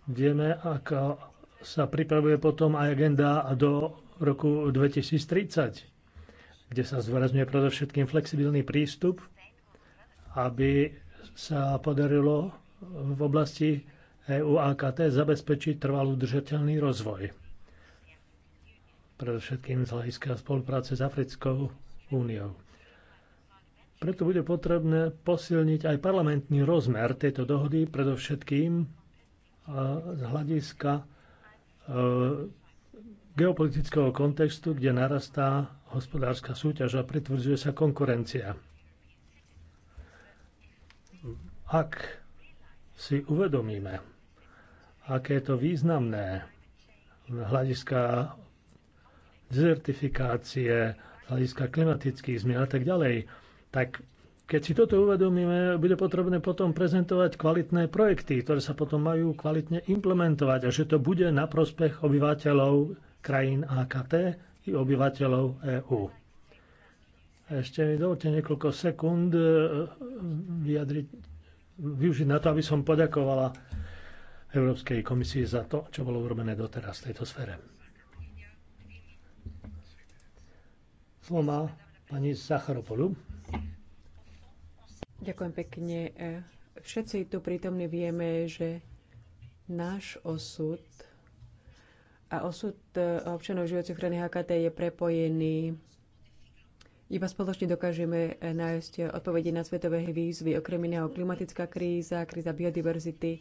vieme, ako sa pripravuje potom aj agenda do roku 2030, kde sa zvorazňuje predovšetkým flexibilný prístup, aby sa podarilo v oblasti EU AKT zabezpečiť trvalú držateľný rozvoj predovšetkým z hľadiska spolupráce s Africkou úniou. Preto bude potrebné posilniť aj parlamentný rozmer tejto dohody, predovšetkým z hľadiska e, geopolitického kontextu, kde narastá hospodárska súťaž a pritvrdzuje sa konkurencia. Ak si uvedomíme, aké je to významné hľadiska dezertifikácie, z hľadiska klimatických zmien a tak ďalej. Tak keď si toto uvedomíme, bude potrebné potom prezentovať kvalitné projekty, ktoré sa potom majú kvalitne implementovať a že to bude na prospech obyvateľov krajín AKT i obyvateľov EÚ. Ešte mi dovolte niekoľko sekúnd e, vyjadriť, využiť na to, aby som poďakovala Európskej komisii za to, čo bolo urobené doteraz v tejto sfére. Slovo má pani Sacharopolu. Ďakujem pekne. E, všetci tu prítomne vieme, že náš osud a osud e, občanov žijúcich v krajine HKT je prepojený. Iba spoločne dokážeme e, nájsť odpovede na svetové výzvy, okrem iného klimatická kríza, kríza biodiverzity.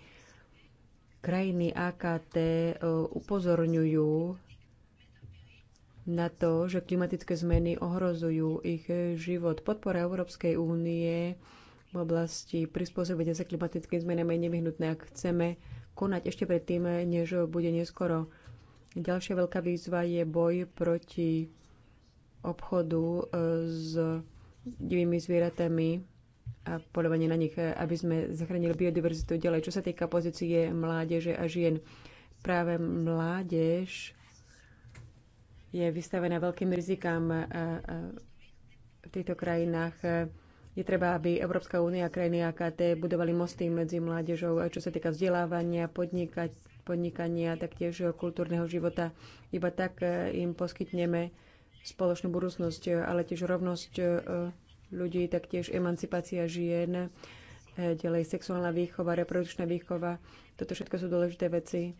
Krajiny AKT upozorňujú na to, že klimatické zmeny ohrozujú ich život. Podpora Európskej únie v oblasti prispôsobenia sa klimatickým zmenám je nevyhnutná, ak chceme konať ešte predtým, než bude neskoro. Ďalšia veľká výzva je boj proti obchodu e, s divými zvieratami a polovanie na nich, aby sme zachránili biodiverzitu ďalej. Čo sa týka pozície mládeže a žien, práve mládež je vystavená veľkým rizikám e, e, v týchto krajinách. Je treba, aby Európska únia a krajiny AKT budovali mosty medzi mládežou, čo sa týka vzdelávania, podnikať, podnikania, taktiež kultúrneho života. Iba tak e, im poskytneme spoločnú budúcnosť, ale tiež rovnosť ľudí, taktiež emancipácia žien, ďalej sexuálna výchova, reprodukčná výchova. Toto všetko sú dôležité veci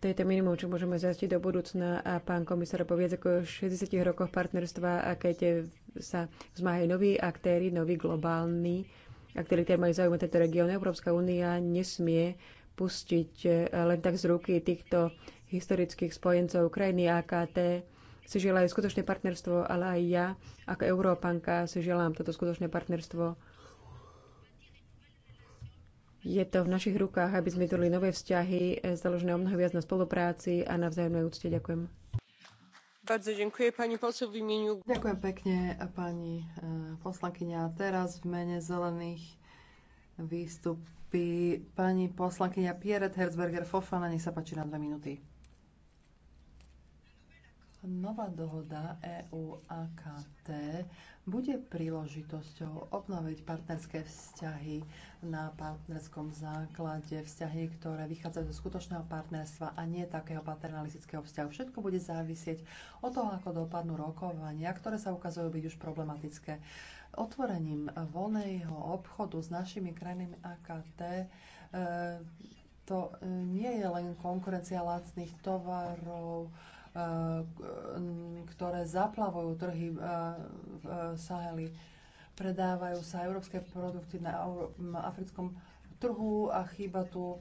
to je to minimum, čo môžeme zjastiť do budúcna. A pán komisár, po viac ako 60 rokoch partnerstva, a keď sa vzmáhajú noví aktéry, noví globálni aktéry, ktorí majú záujem tento región, Európska únia nesmie pustiť len tak z ruky týchto historických spojencov krajiny AKT. Si želajú skutočné partnerstvo, ale aj ja ako Európanka si želám toto skutočné partnerstvo je to v našich rukách, aby sme vytvorili nové vzťahy, eh, založené o mnoho viac na spolupráci a na vzájomnej úcte. Ďakujem. Ďakujem pekne, eh, pani eh, poslankyňa. Teraz v mene zelených výstupí pani poslankyňa Pierre Herzberger Fofana. Nech sa páči na dve minúty. Nová dohoda EU-AKT bude príležitosťou obnoviť partnerské vzťahy na partnerskom základe, vzťahy, ktoré vychádzajú zo skutočného partnerstva a nie takého paternalistického vzťahu. Všetko bude závisieť od toho, ako dopadnú rokovania, ktoré sa ukazujú byť už problematické. Otvorením voľného obchodu s našimi krajinami AKT e, to e, nie je len konkurencia lacných tovarov, E, e, ktoré zaplavujú trhy e, v Saheli. Predávajú sa európske produkty na africkom trhu a chýba tu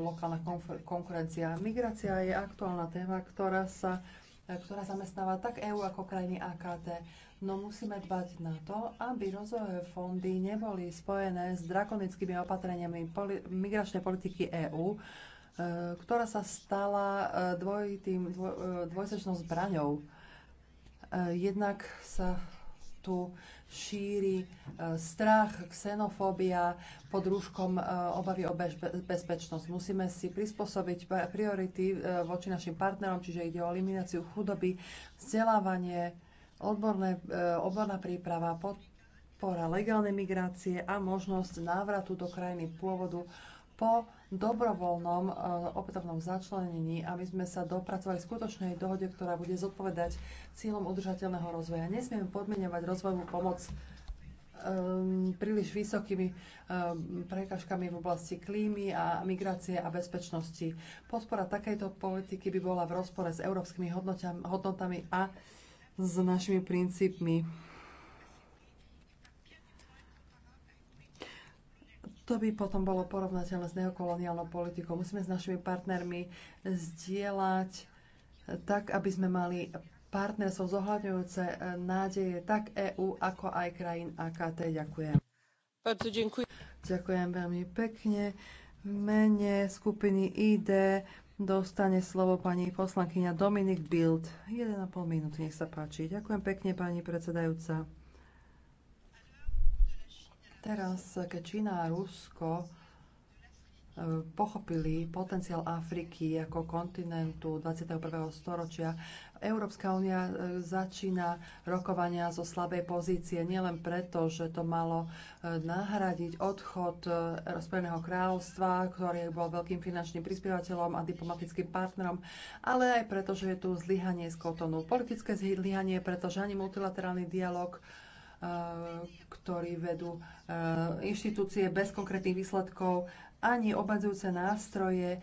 lokálna konkurencia. Migrácia je aktuálna téma, ktorá sa ktorá zamestnáva tak EÚ ako krajiny AKT. No musíme dbať na to, aby rozvojové fondy neboli spojené s drakonickými opatreniami poli- migračnej politiky EÚ, E, ktorá sa stala e, dvojitým, dvoj, e, dvojsečnou zbraňou. Jednak sa tu šíri strach, xenofóbia pod rúškom obavy o bezpečnosť. Musíme si prispôsobiť priority voči našim partnerom, čiže ide o elimináciu chudoby, vzdelávanie, odborné, odborná príprava, podpora legálnej migrácie a možnosť návratu do krajiny pôvodu po dobrovoľnom eh, opätovnom začlenení, aby sme sa dopracovali skutočnej dohode, ktorá bude zodpovedať cieľom udržateľného rozvoja. Nesmieme podmienovať rozvojovú pomoc ehm, príliš vysokými ehm, prekažkami v oblasti klímy a migrácie a bezpečnosti. Podpora takejto politiky by bola v rozpore s európskymi hodnotami a s našimi princípmi To by potom bolo porovnateľné s neokoloniálnou politikou. Musíme s našimi partnermi zdieľať tak, aby sme mali partnerstvo zohľadňujúce nádeje tak EÚ, ako aj krajín AKT. Ďakujem. ďakujem. Ďakujem veľmi pekne. Mene skupiny ID dostane slovo pani poslankyňa Dominik Bild. 1,5 minúty, nech sa páči. Ďakujem pekne, pani predsedajúca. Teraz, keď Čína a Rusko e, pochopili potenciál Afriky ako kontinentu 21. storočia. Európska únia e, začína rokovania zo slabej pozície nielen preto, že to malo e, nahradiť odchod Spojeného kráľovstva, ktorý bol veľkým finančným prispievateľom a diplomatickým partnerom, ale aj preto, že je tu zlyhanie z kotonu. Politické zlyhanie, pretože ani multilaterálny dialog Eh, ktorí vedú eh, inštitúcie bez konkrétnych výsledkov, ani obmedzujúce nástroje eh,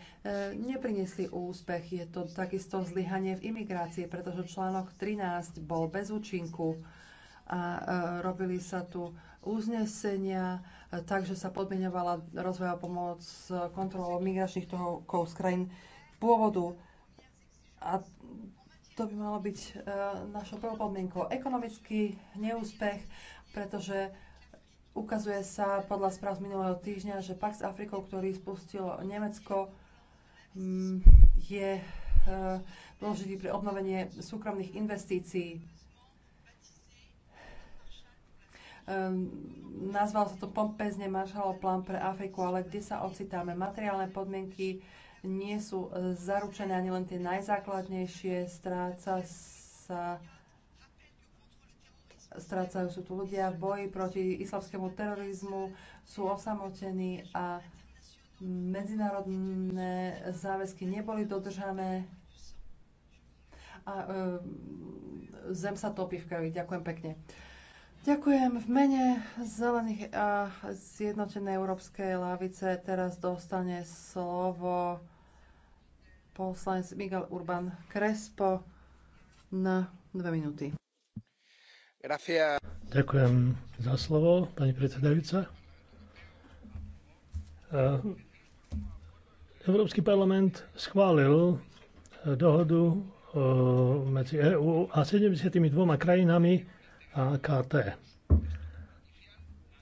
neprinesli úspech. Je to takisto zlyhanie v imigrácii, pretože článok 13 bol bez účinku a robili sa tu uznesenia, takže sa podmienovala rozvojová pomoc kontrolou migračných tokov z krajín pôvodu. A to by malo byť uh, našou prvou podmienkou. Ekonomický neúspech, pretože ukazuje sa podľa správ z minulého týždňa, že Pax s Afrikou, ktorý spustilo Nemecko, um, je uh, dôležitý pre obnovenie súkromných investícií. Um, nazval sa to pompezne Marshallov plán pre Afriku, ale kde sa ocitáme? Materiálne podmienky nie sú e, zaručené ani len tie najzákladnejšie, stráca sa strácajú sú tu ľudia v boji proti islamskému terorizmu, sú osamotení a medzinárodné záväzky neboli dodržané a e, zem sa topí v krvi. Ďakujem pekne. Ďakujem. V mene Zelených a Zjednotenej Európskej lavice teraz dostane slovo poslanec Miguel Urban Crespo na dve minúty. Ďakujem za slovo, pani predsedajúca. Európsky parlament schválil e, dohodu medzi EÚ a 72 krajinami a KT.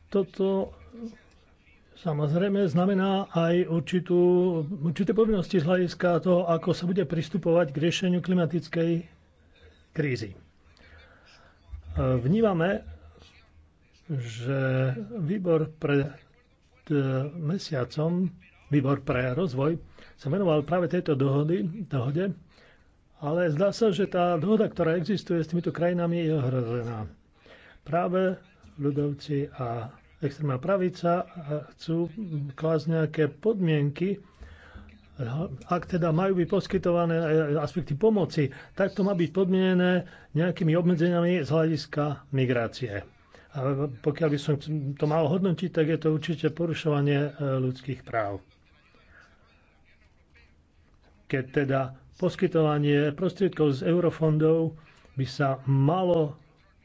Toto samozrejme znamená aj určitú, určité povinnosti z hľadiska toho, ako sa bude pristupovať k riešeniu klimatickej krízy. Vnímame, že výbor pred e, mesiacom, výbor pre rozvoj, sa venoval práve tejto dohody, dohode, ale zdá sa, že tá dohoda, ktorá existuje s týmito krajinami, je ohrozená. Práve ľudovci a extrémna pravica chcú klásť nejaké podmienky, ak teda majú byť poskytované aspekty pomoci, tak to má byť podmienené nejakými obmedzeniami z hľadiska migrácie. A pokiaľ by som to mal hodnotiť, tak je to určite porušovanie e, ľudských práv. Keď teda poskytovanie prostriedkov z eurofondov by sa malo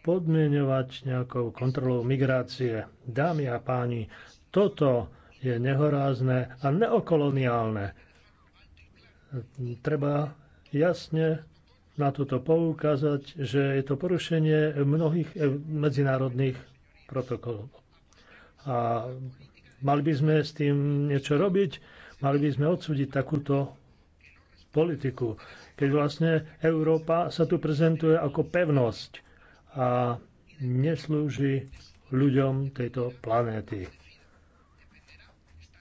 podmienovať nejakou kontrolou migrácie. Dámy a páni, toto je nehorázne a neokoloniálne. Treba jasne na toto poukázať, že je to porušenie mnohých eh, medzinárodných protokolov. A mali by sme s tým niečo robiť, mali by sme odsúdiť takúto politiku, keď vlastne Európa sa tu prezentuje ako pevnosť a neslúži ľuďom tejto planéty.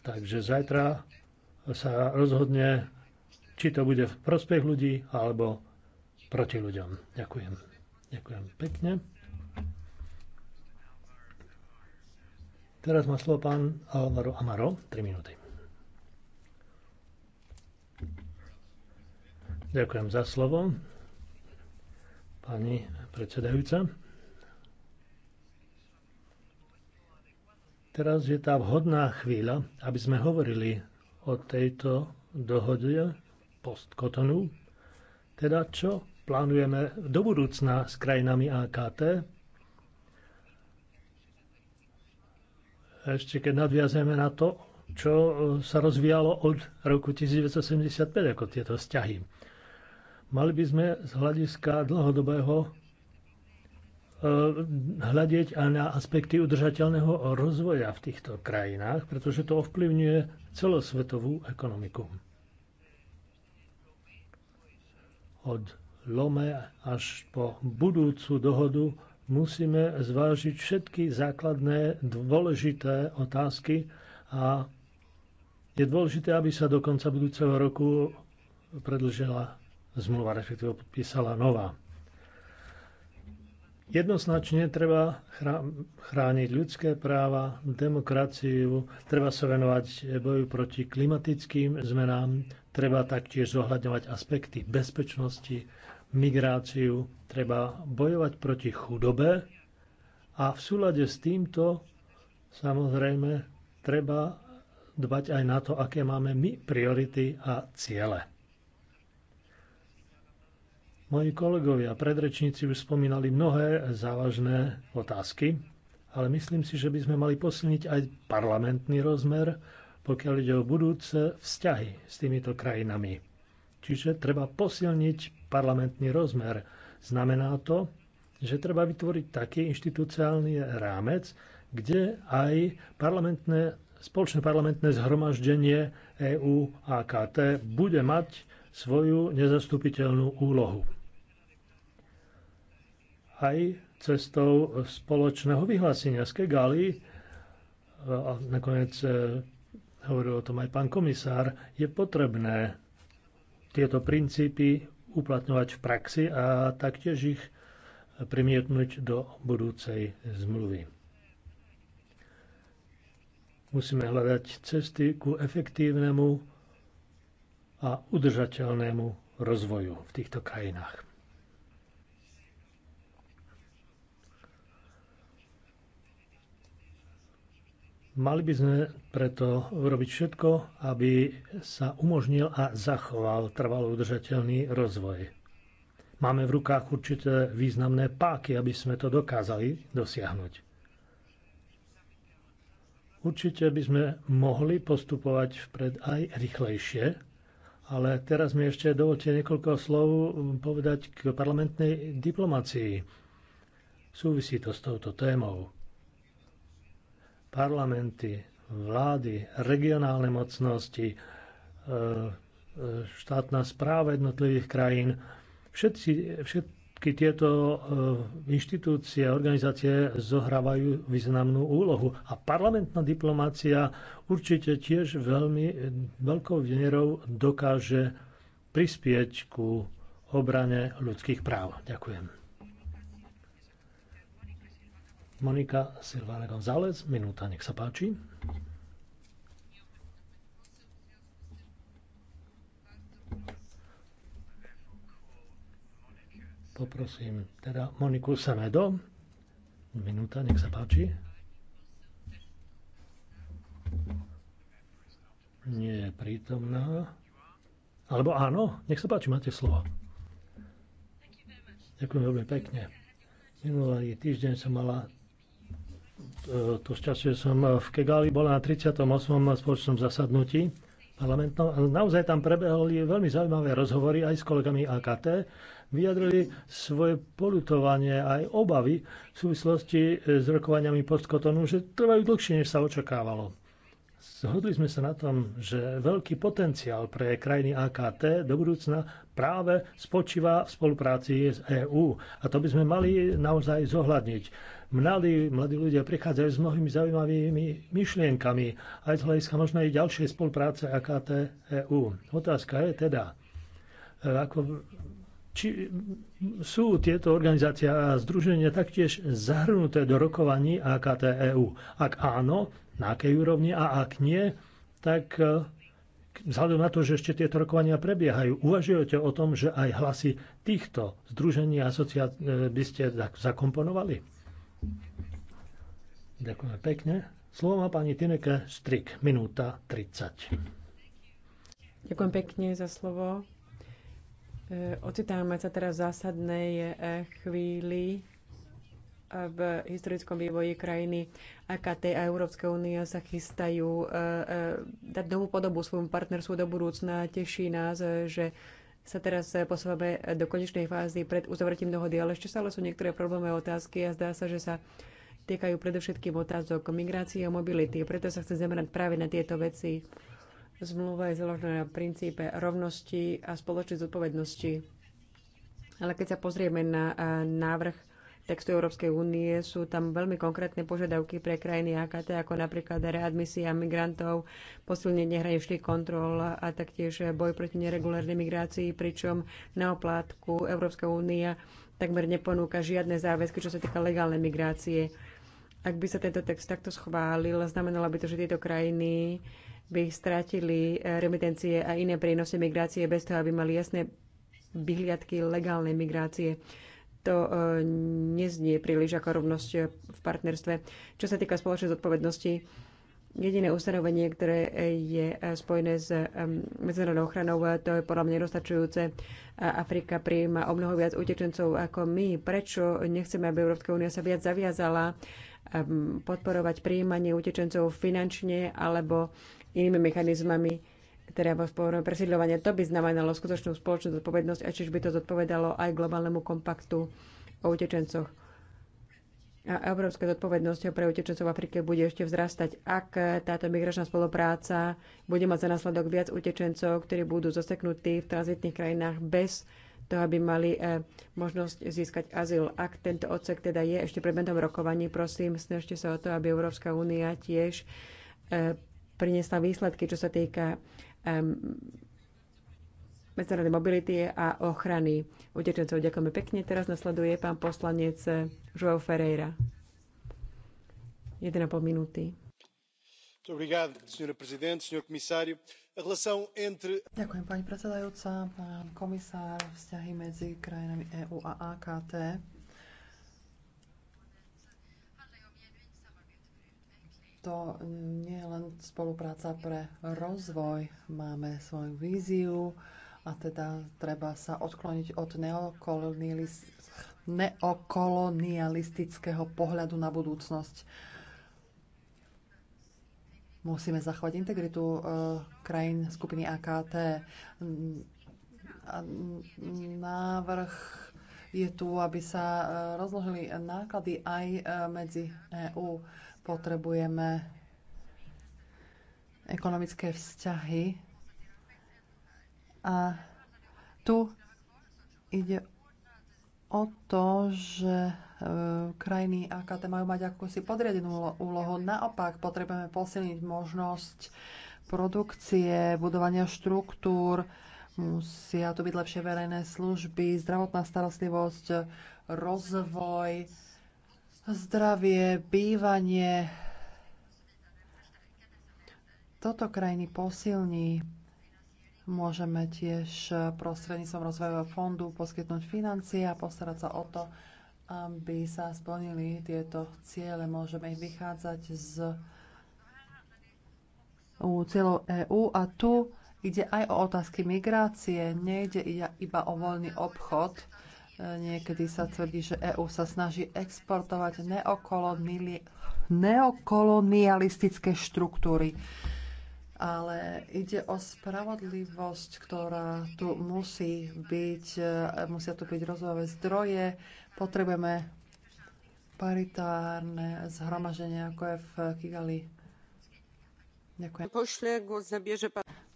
Takže zajtra sa rozhodne, či to bude v prospech ľudí alebo proti ľuďom. Ďakujem. Ďakujem pekne. Teraz má slovo pán Alvaro Amaro, 3 minúty. Ďakujem za slovo pani predsedajúca. Teraz je tá vhodná chvíľa, aby sme hovorili o tejto dohode postkotonu, teda čo plánujeme do budúcna s krajinami AKT. Ešte keď nadviazeme na to, čo sa rozvíjalo od roku 1975 ako tieto vzťahy. Mali by sme z hľadiska dlhodobého e, hľadiť aj na aspekty udržateľného rozvoja v týchto krajinách, pretože to ovplyvňuje celosvetovú ekonomiku. Od Lome až po budúcu dohodu musíme zvážiť všetky základné dôležité otázky a je dôležité, aby sa do konca budúceho roku predlžila zmluva, respektíve podpísala nová. Jednoznačne treba chrániť ľudské práva, demokraciu, treba sa venovať boju proti klimatickým zmenám, treba taktiež zohľadňovať aspekty bezpečnosti, migráciu, treba bojovať proti chudobe a v súlade s týmto samozrejme treba dbať aj na to, aké máme my priority a ciele. Moji kolegovia a predrečníci už spomínali mnohé závažné otázky, ale myslím si, že by sme mali posilniť aj parlamentný rozmer, pokiaľ ide o budúce vzťahy s týmito krajinami. Čiže treba posilniť parlamentný rozmer. Znamená to, že treba vytvoriť taký inštitúciálny rámec, kde aj parlamentné, spoločné parlamentné zhromaždenie EU a KT bude mať svoju nezastupiteľnú úlohu aj cestou spoločného vyhlásenia z Kegali, a nakoniec e, hovoril o tom aj pán komisár, je potrebné tieto princípy uplatňovať v praxi a taktiež ich primietnúť do budúcej zmluvy. Musíme hľadať cesty ku efektívnemu a udržateľnému rozvoju v týchto krajinách. Mali by sme preto urobiť všetko, aby sa umožnil a zachoval trvalo udržateľný rozvoj. Máme v rukách určité významné páky, aby sme to dokázali dosiahnuť. Určite by sme mohli postupovať vpred aj rýchlejšie, ale teraz mi ešte dovolte niekoľko slov povedať k parlamentnej diplomácii. Súvisí to s touto témou parlamenty, vlády, regionálne mocnosti, e, e, štátna správa jednotlivých krajín, všetci, všetky tieto e, inštitúcie a organizácie zohrávajú významnú úlohu. A parlamentná diplomácia určite tiež veľmi veľkou vierou dokáže prispieť ku obrane ľudských práv. Ďakujem. Monika Silvana González, minúta, nech sa páči. Poprosím teda Moniku Semedo, Minúta, nech sa páči. Nie je prítomná. Alebo áno, nech sa páči, máte slovo. Ďakujem veľmi pekne. Minulý týždeň som mala E, to šťastie som e, v Kegali bola na 38. spoločnom zasadnutí parlamentnom. A naozaj tam prebehli veľmi zaujímavé rozhovory aj s kolegami AKT. Vyjadrili svoje polutovanie aj obavy v súvislosti e, s rokovaniami postkotonu, že trvajú dlhšie, než sa očakávalo. Zhodli sme sa na tom, že veľký potenciál pre krajiny AKT do budúcna práve spočíva v spolupráci s EÚ. A to by sme mali naozaj zohľadniť mladí, mladí ľudia prichádzajú s mnohými zaujímavými myšlienkami, aj z hľadiska možno aj ďalšej spolupráce AKT EU. Otázka je teda, e, ako, či sú tieto organizácie a združenia taktiež zahrnuté do rokovaní AKT EU. Ak áno, na akej úrovni a ak nie, tak e, vzhľadom na to, že ešte tieto rokovania prebiehajú, uvažujete o tom, že aj hlasy týchto združení a asociácií e, by ste zakomponovali? Ďakujem pekne. Slovo má pani Tineke Strik, minúta 30. Ďakujem pekne za slovo. E, ocitáme sa teraz v zásadnej e, chvíli e, v historickom vývoji krajiny AKT a Európska únia sa chystajú dať novú podobu svojmu partnerstvu do budúcna. Teší nás, že sa teraz posúvame do konečnej fázy pred uzavretím dohody, ale ešte stále sú niektoré problémy a otázky a zdá sa, že sa týkajú predovšetkým otázok migrácie a mobility. Preto sa chcem zamerať práve na tieto veci. Zmluva je založená na princípe rovnosti a spoločnej zodpovednosti. Ale keď sa pozrieme na návrh textu Európskej únie, sú tam veľmi konkrétne požiadavky pre krajiny AKT, ako napríklad readmisia migrantov, posilnenie hraničných kontrol a taktiež boj proti neregulárnej migrácii, pričom na oplátku Európska únia takmer neponúka žiadne záväzky, čo sa týka legálnej migrácie. Ak by sa tento text takto schválil, znamenalo by to, že tieto krajiny by strátili eh, remitencie a iné prínosy migrácie bez toho, aby mali jasné vyhliadky legálnej migrácie. To eh, neznie príliš ako rovnosť eh, v partnerstve. Čo sa týka spoločnej zodpovednosti, jediné ustanovenie, ktoré je spojené s medzinárodnou ochranou, to je podľa mňa nedostačujúce. Afrika prijíma o mnoho viac utečencov ako my. Prečo nechceme, aby Európska únia sa viac zaviazala Ehm, podporovať príjmanie utečencov finančne alebo inými mechanizmami, teda vo presídľovania. To by znamenalo skutočnú spoločnú zodpovednosť a čiže by to zodpovedalo aj globálnemu kompaktu o utečencoch. A európska zodpovednosť pre utečencov v Afrike bude ešte vzrastať, ak táto migračná spolupráca bude mať za následok viac utečencov, ktorí budú zoseknutí v tranzitných krajinách bez to, aby mali e, možnosť získať azyl. Ak tento odsek teda je ešte predmetom rokovaní, prosím, snažte sa o to, aby Európska únia tiež e, priniesla výsledky, čo sa týka e, medzinárodnej mobility a ochrany utečencov. Ďakujeme pekne. Teraz nasleduje pán poslanec João Ferreira. 1,5 minúty. Ďakujem, pani predsedajúca. Pán komisár, vzťahy medzi krajinami EÚ a AKT to nie je len spolupráca pre rozvoj. Máme svoju víziu a teda treba sa odkloniť od neokolonialistického pohľadu na budúcnosť Musíme zachovať integritu eh, krajín skupiny AKT. Návrh je tu, aby sa eh, rozložili náklady aj eh, medzi EÚ. Potrebujeme ekonomické vzťahy a tu ide o to, že E, krajiny AKT majú mať akúsi podriadenú úlohu. Naopak potrebujeme posilniť možnosť produkcie, budovania štruktúr, musia tu byť lepšie verejné služby, zdravotná starostlivosť, rozvoj, zdravie, bývanie. Toto krajiny posilní. Môžeme tiež prostredníctvom rozvojového fondu poskytnúť financie a postarať sa o to, aby sa splnili tieto ciele. Môžeme ich vychádzať z cieľov EÚ a tu ide aj o otázky migrácie. Nejde iba o voľný obchod. Niekedy sa tvrdí, že EÚ sa snaží exportovať neokolonialistické štruktúry ale ide o spravodlivosť, ktorá tu musí byť, e, musia tu byť rozvojové zdroje, potrebujeme paritárne zhromaženie, ako je v Kigali. Ďakujem.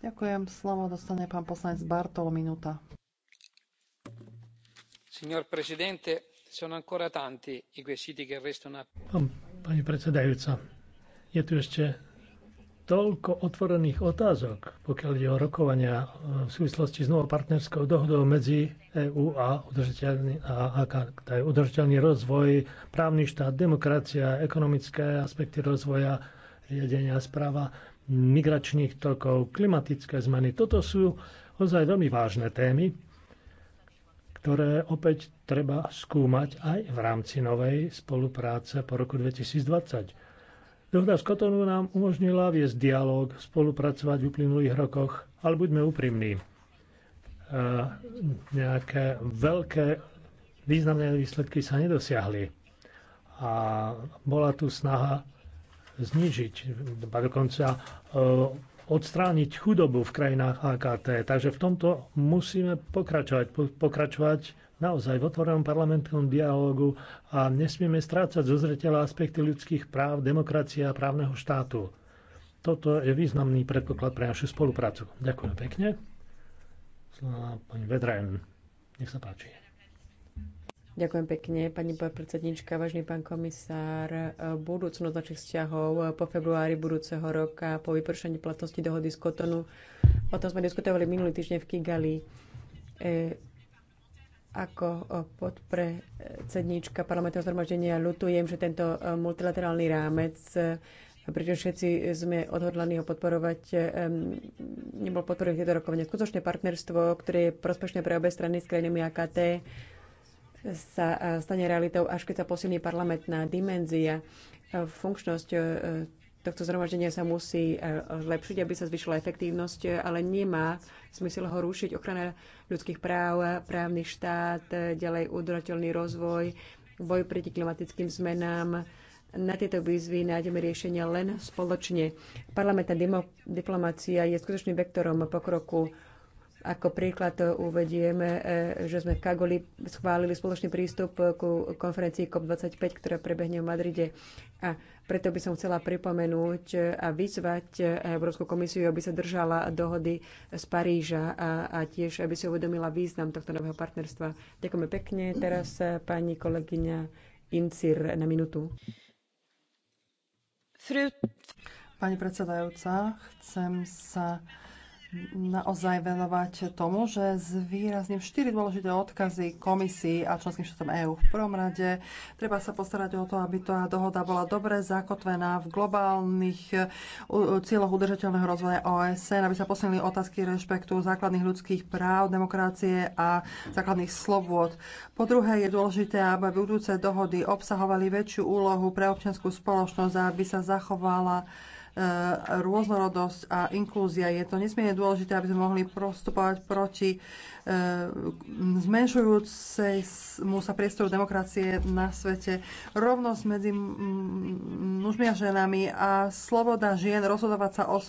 Ďakujem. Slovo dostane pán poslanec Bartol, minúta. Signor Presidente, sono ancora tanti i quesiti che restano. Pani predsedajúca, je tu ešte toľko otvorených otázok, pokiaľ ide o rokovania e, v súvislosti s novou partnerskou dohodou medzi EÚ a, udržiteľný, a, a, a teda udržiteľný rozvoj, právny štát, demokracia, ekonomické aspekty rozvoja, riadenia správa, migračných tokov, klimatické zmeny. Toto sú ozaj veľmi vážne témy, ktoré opäť treba skúmať aj v rámci novej spolupráce po roku 2020 Dohoda s Kotonu nám umožnila viesť dialog, spolupracovať v uplynulých rokoch, ale buďme úprimní. E, nejaké veľké významné výsledky sa nedosiahli. A bola tu snaha znižiť, a dokonca e, odstrániť chudobu v krajinách AKT. Takže v tomto musíme pokračovať, pokračovať naozaj v otvorenom parlamentnom dialogu a nesmieme strácať zo zreteľa aspekty ľudských práv, demokracie a právneho štátu. Toto je významný predpoklad pre našu spoluprácu. Ďakujem pekne. Slova pani Vedrajn. Nech sa páči. Ďakujem pekne, pani predsednička, vážny pán komisár. Budúcnosť našich vzťahov po februári budúceho roka, po vypršení platnosti dohody z Kotonu, o tom sme diskutovali minulý týždeň v Kigali. E, ako podpredsedníčka parlamentného zhromaždenia ľutujem, že tento multilaterálny rámec, pričom všetci sme odhodlaní ho podporovať, nebol podporený tieto rokovania. Skutočné partnerstvo, ktoré je prospešné pre obe strany s krajinami AKT, sa e, stane realitou, až keď sa posilní parlamentná dimenzia. E, funkčnosť e, tohto zhromaždenia sa musí e, zlepšiť, aby sa zvyšila efektívnosť, ale nemá smysl ho rušiť. Ochrana ľudských práv, právny štát, ďalej udržateľný rozvoj, boj proti klimatickým zmenám. Na tieto výzvy nájdeme riešenia len spoločne. Parlamentná diplomácia je skutočným vektorom pokroku. Ako príklad uvedieme, že sme v Kagoli schválili spoločný prístup ku konferencii COP25, ktorá prebehne v Madride. A preto by som chcela pripomenúť a vyzvať Európsku komisiu, aby sa držala dohody z Paríža a, a tiež, aby si uvedomila význam tohto nového partnerstva. Ďakujeme pekne. Teraz eh, pani kolegyňa Incir na minutu. Pani predsedajúca, chcem sa naozaj venovať tomu, že zvýrazním štyri dôležité odkazy komisii a členským štátom EÚ v prvom rade. Treba sa postarať o to, aby tá dohoda bola dobre zakotvená v globálnych e, cieľoch udržateľného rozvoja OSN, aby sa posilnili otázky rešpektu základných ľudských práv, demokracie a základných slobôd. Po druhé je dôležité, aby budúce dohody obsahovali väčšiu úlohu pre občianskú spoločnosť a aby sa zachovala Eh, rôznorodosť a inklúzia. Je to nesmierne dôležité, aby sme mohli prostupovať proti eh, mu sa priestoru demokracie na svete. Rovnosť medzi mužmi a ženami a sloboda žien rozhodovať sa o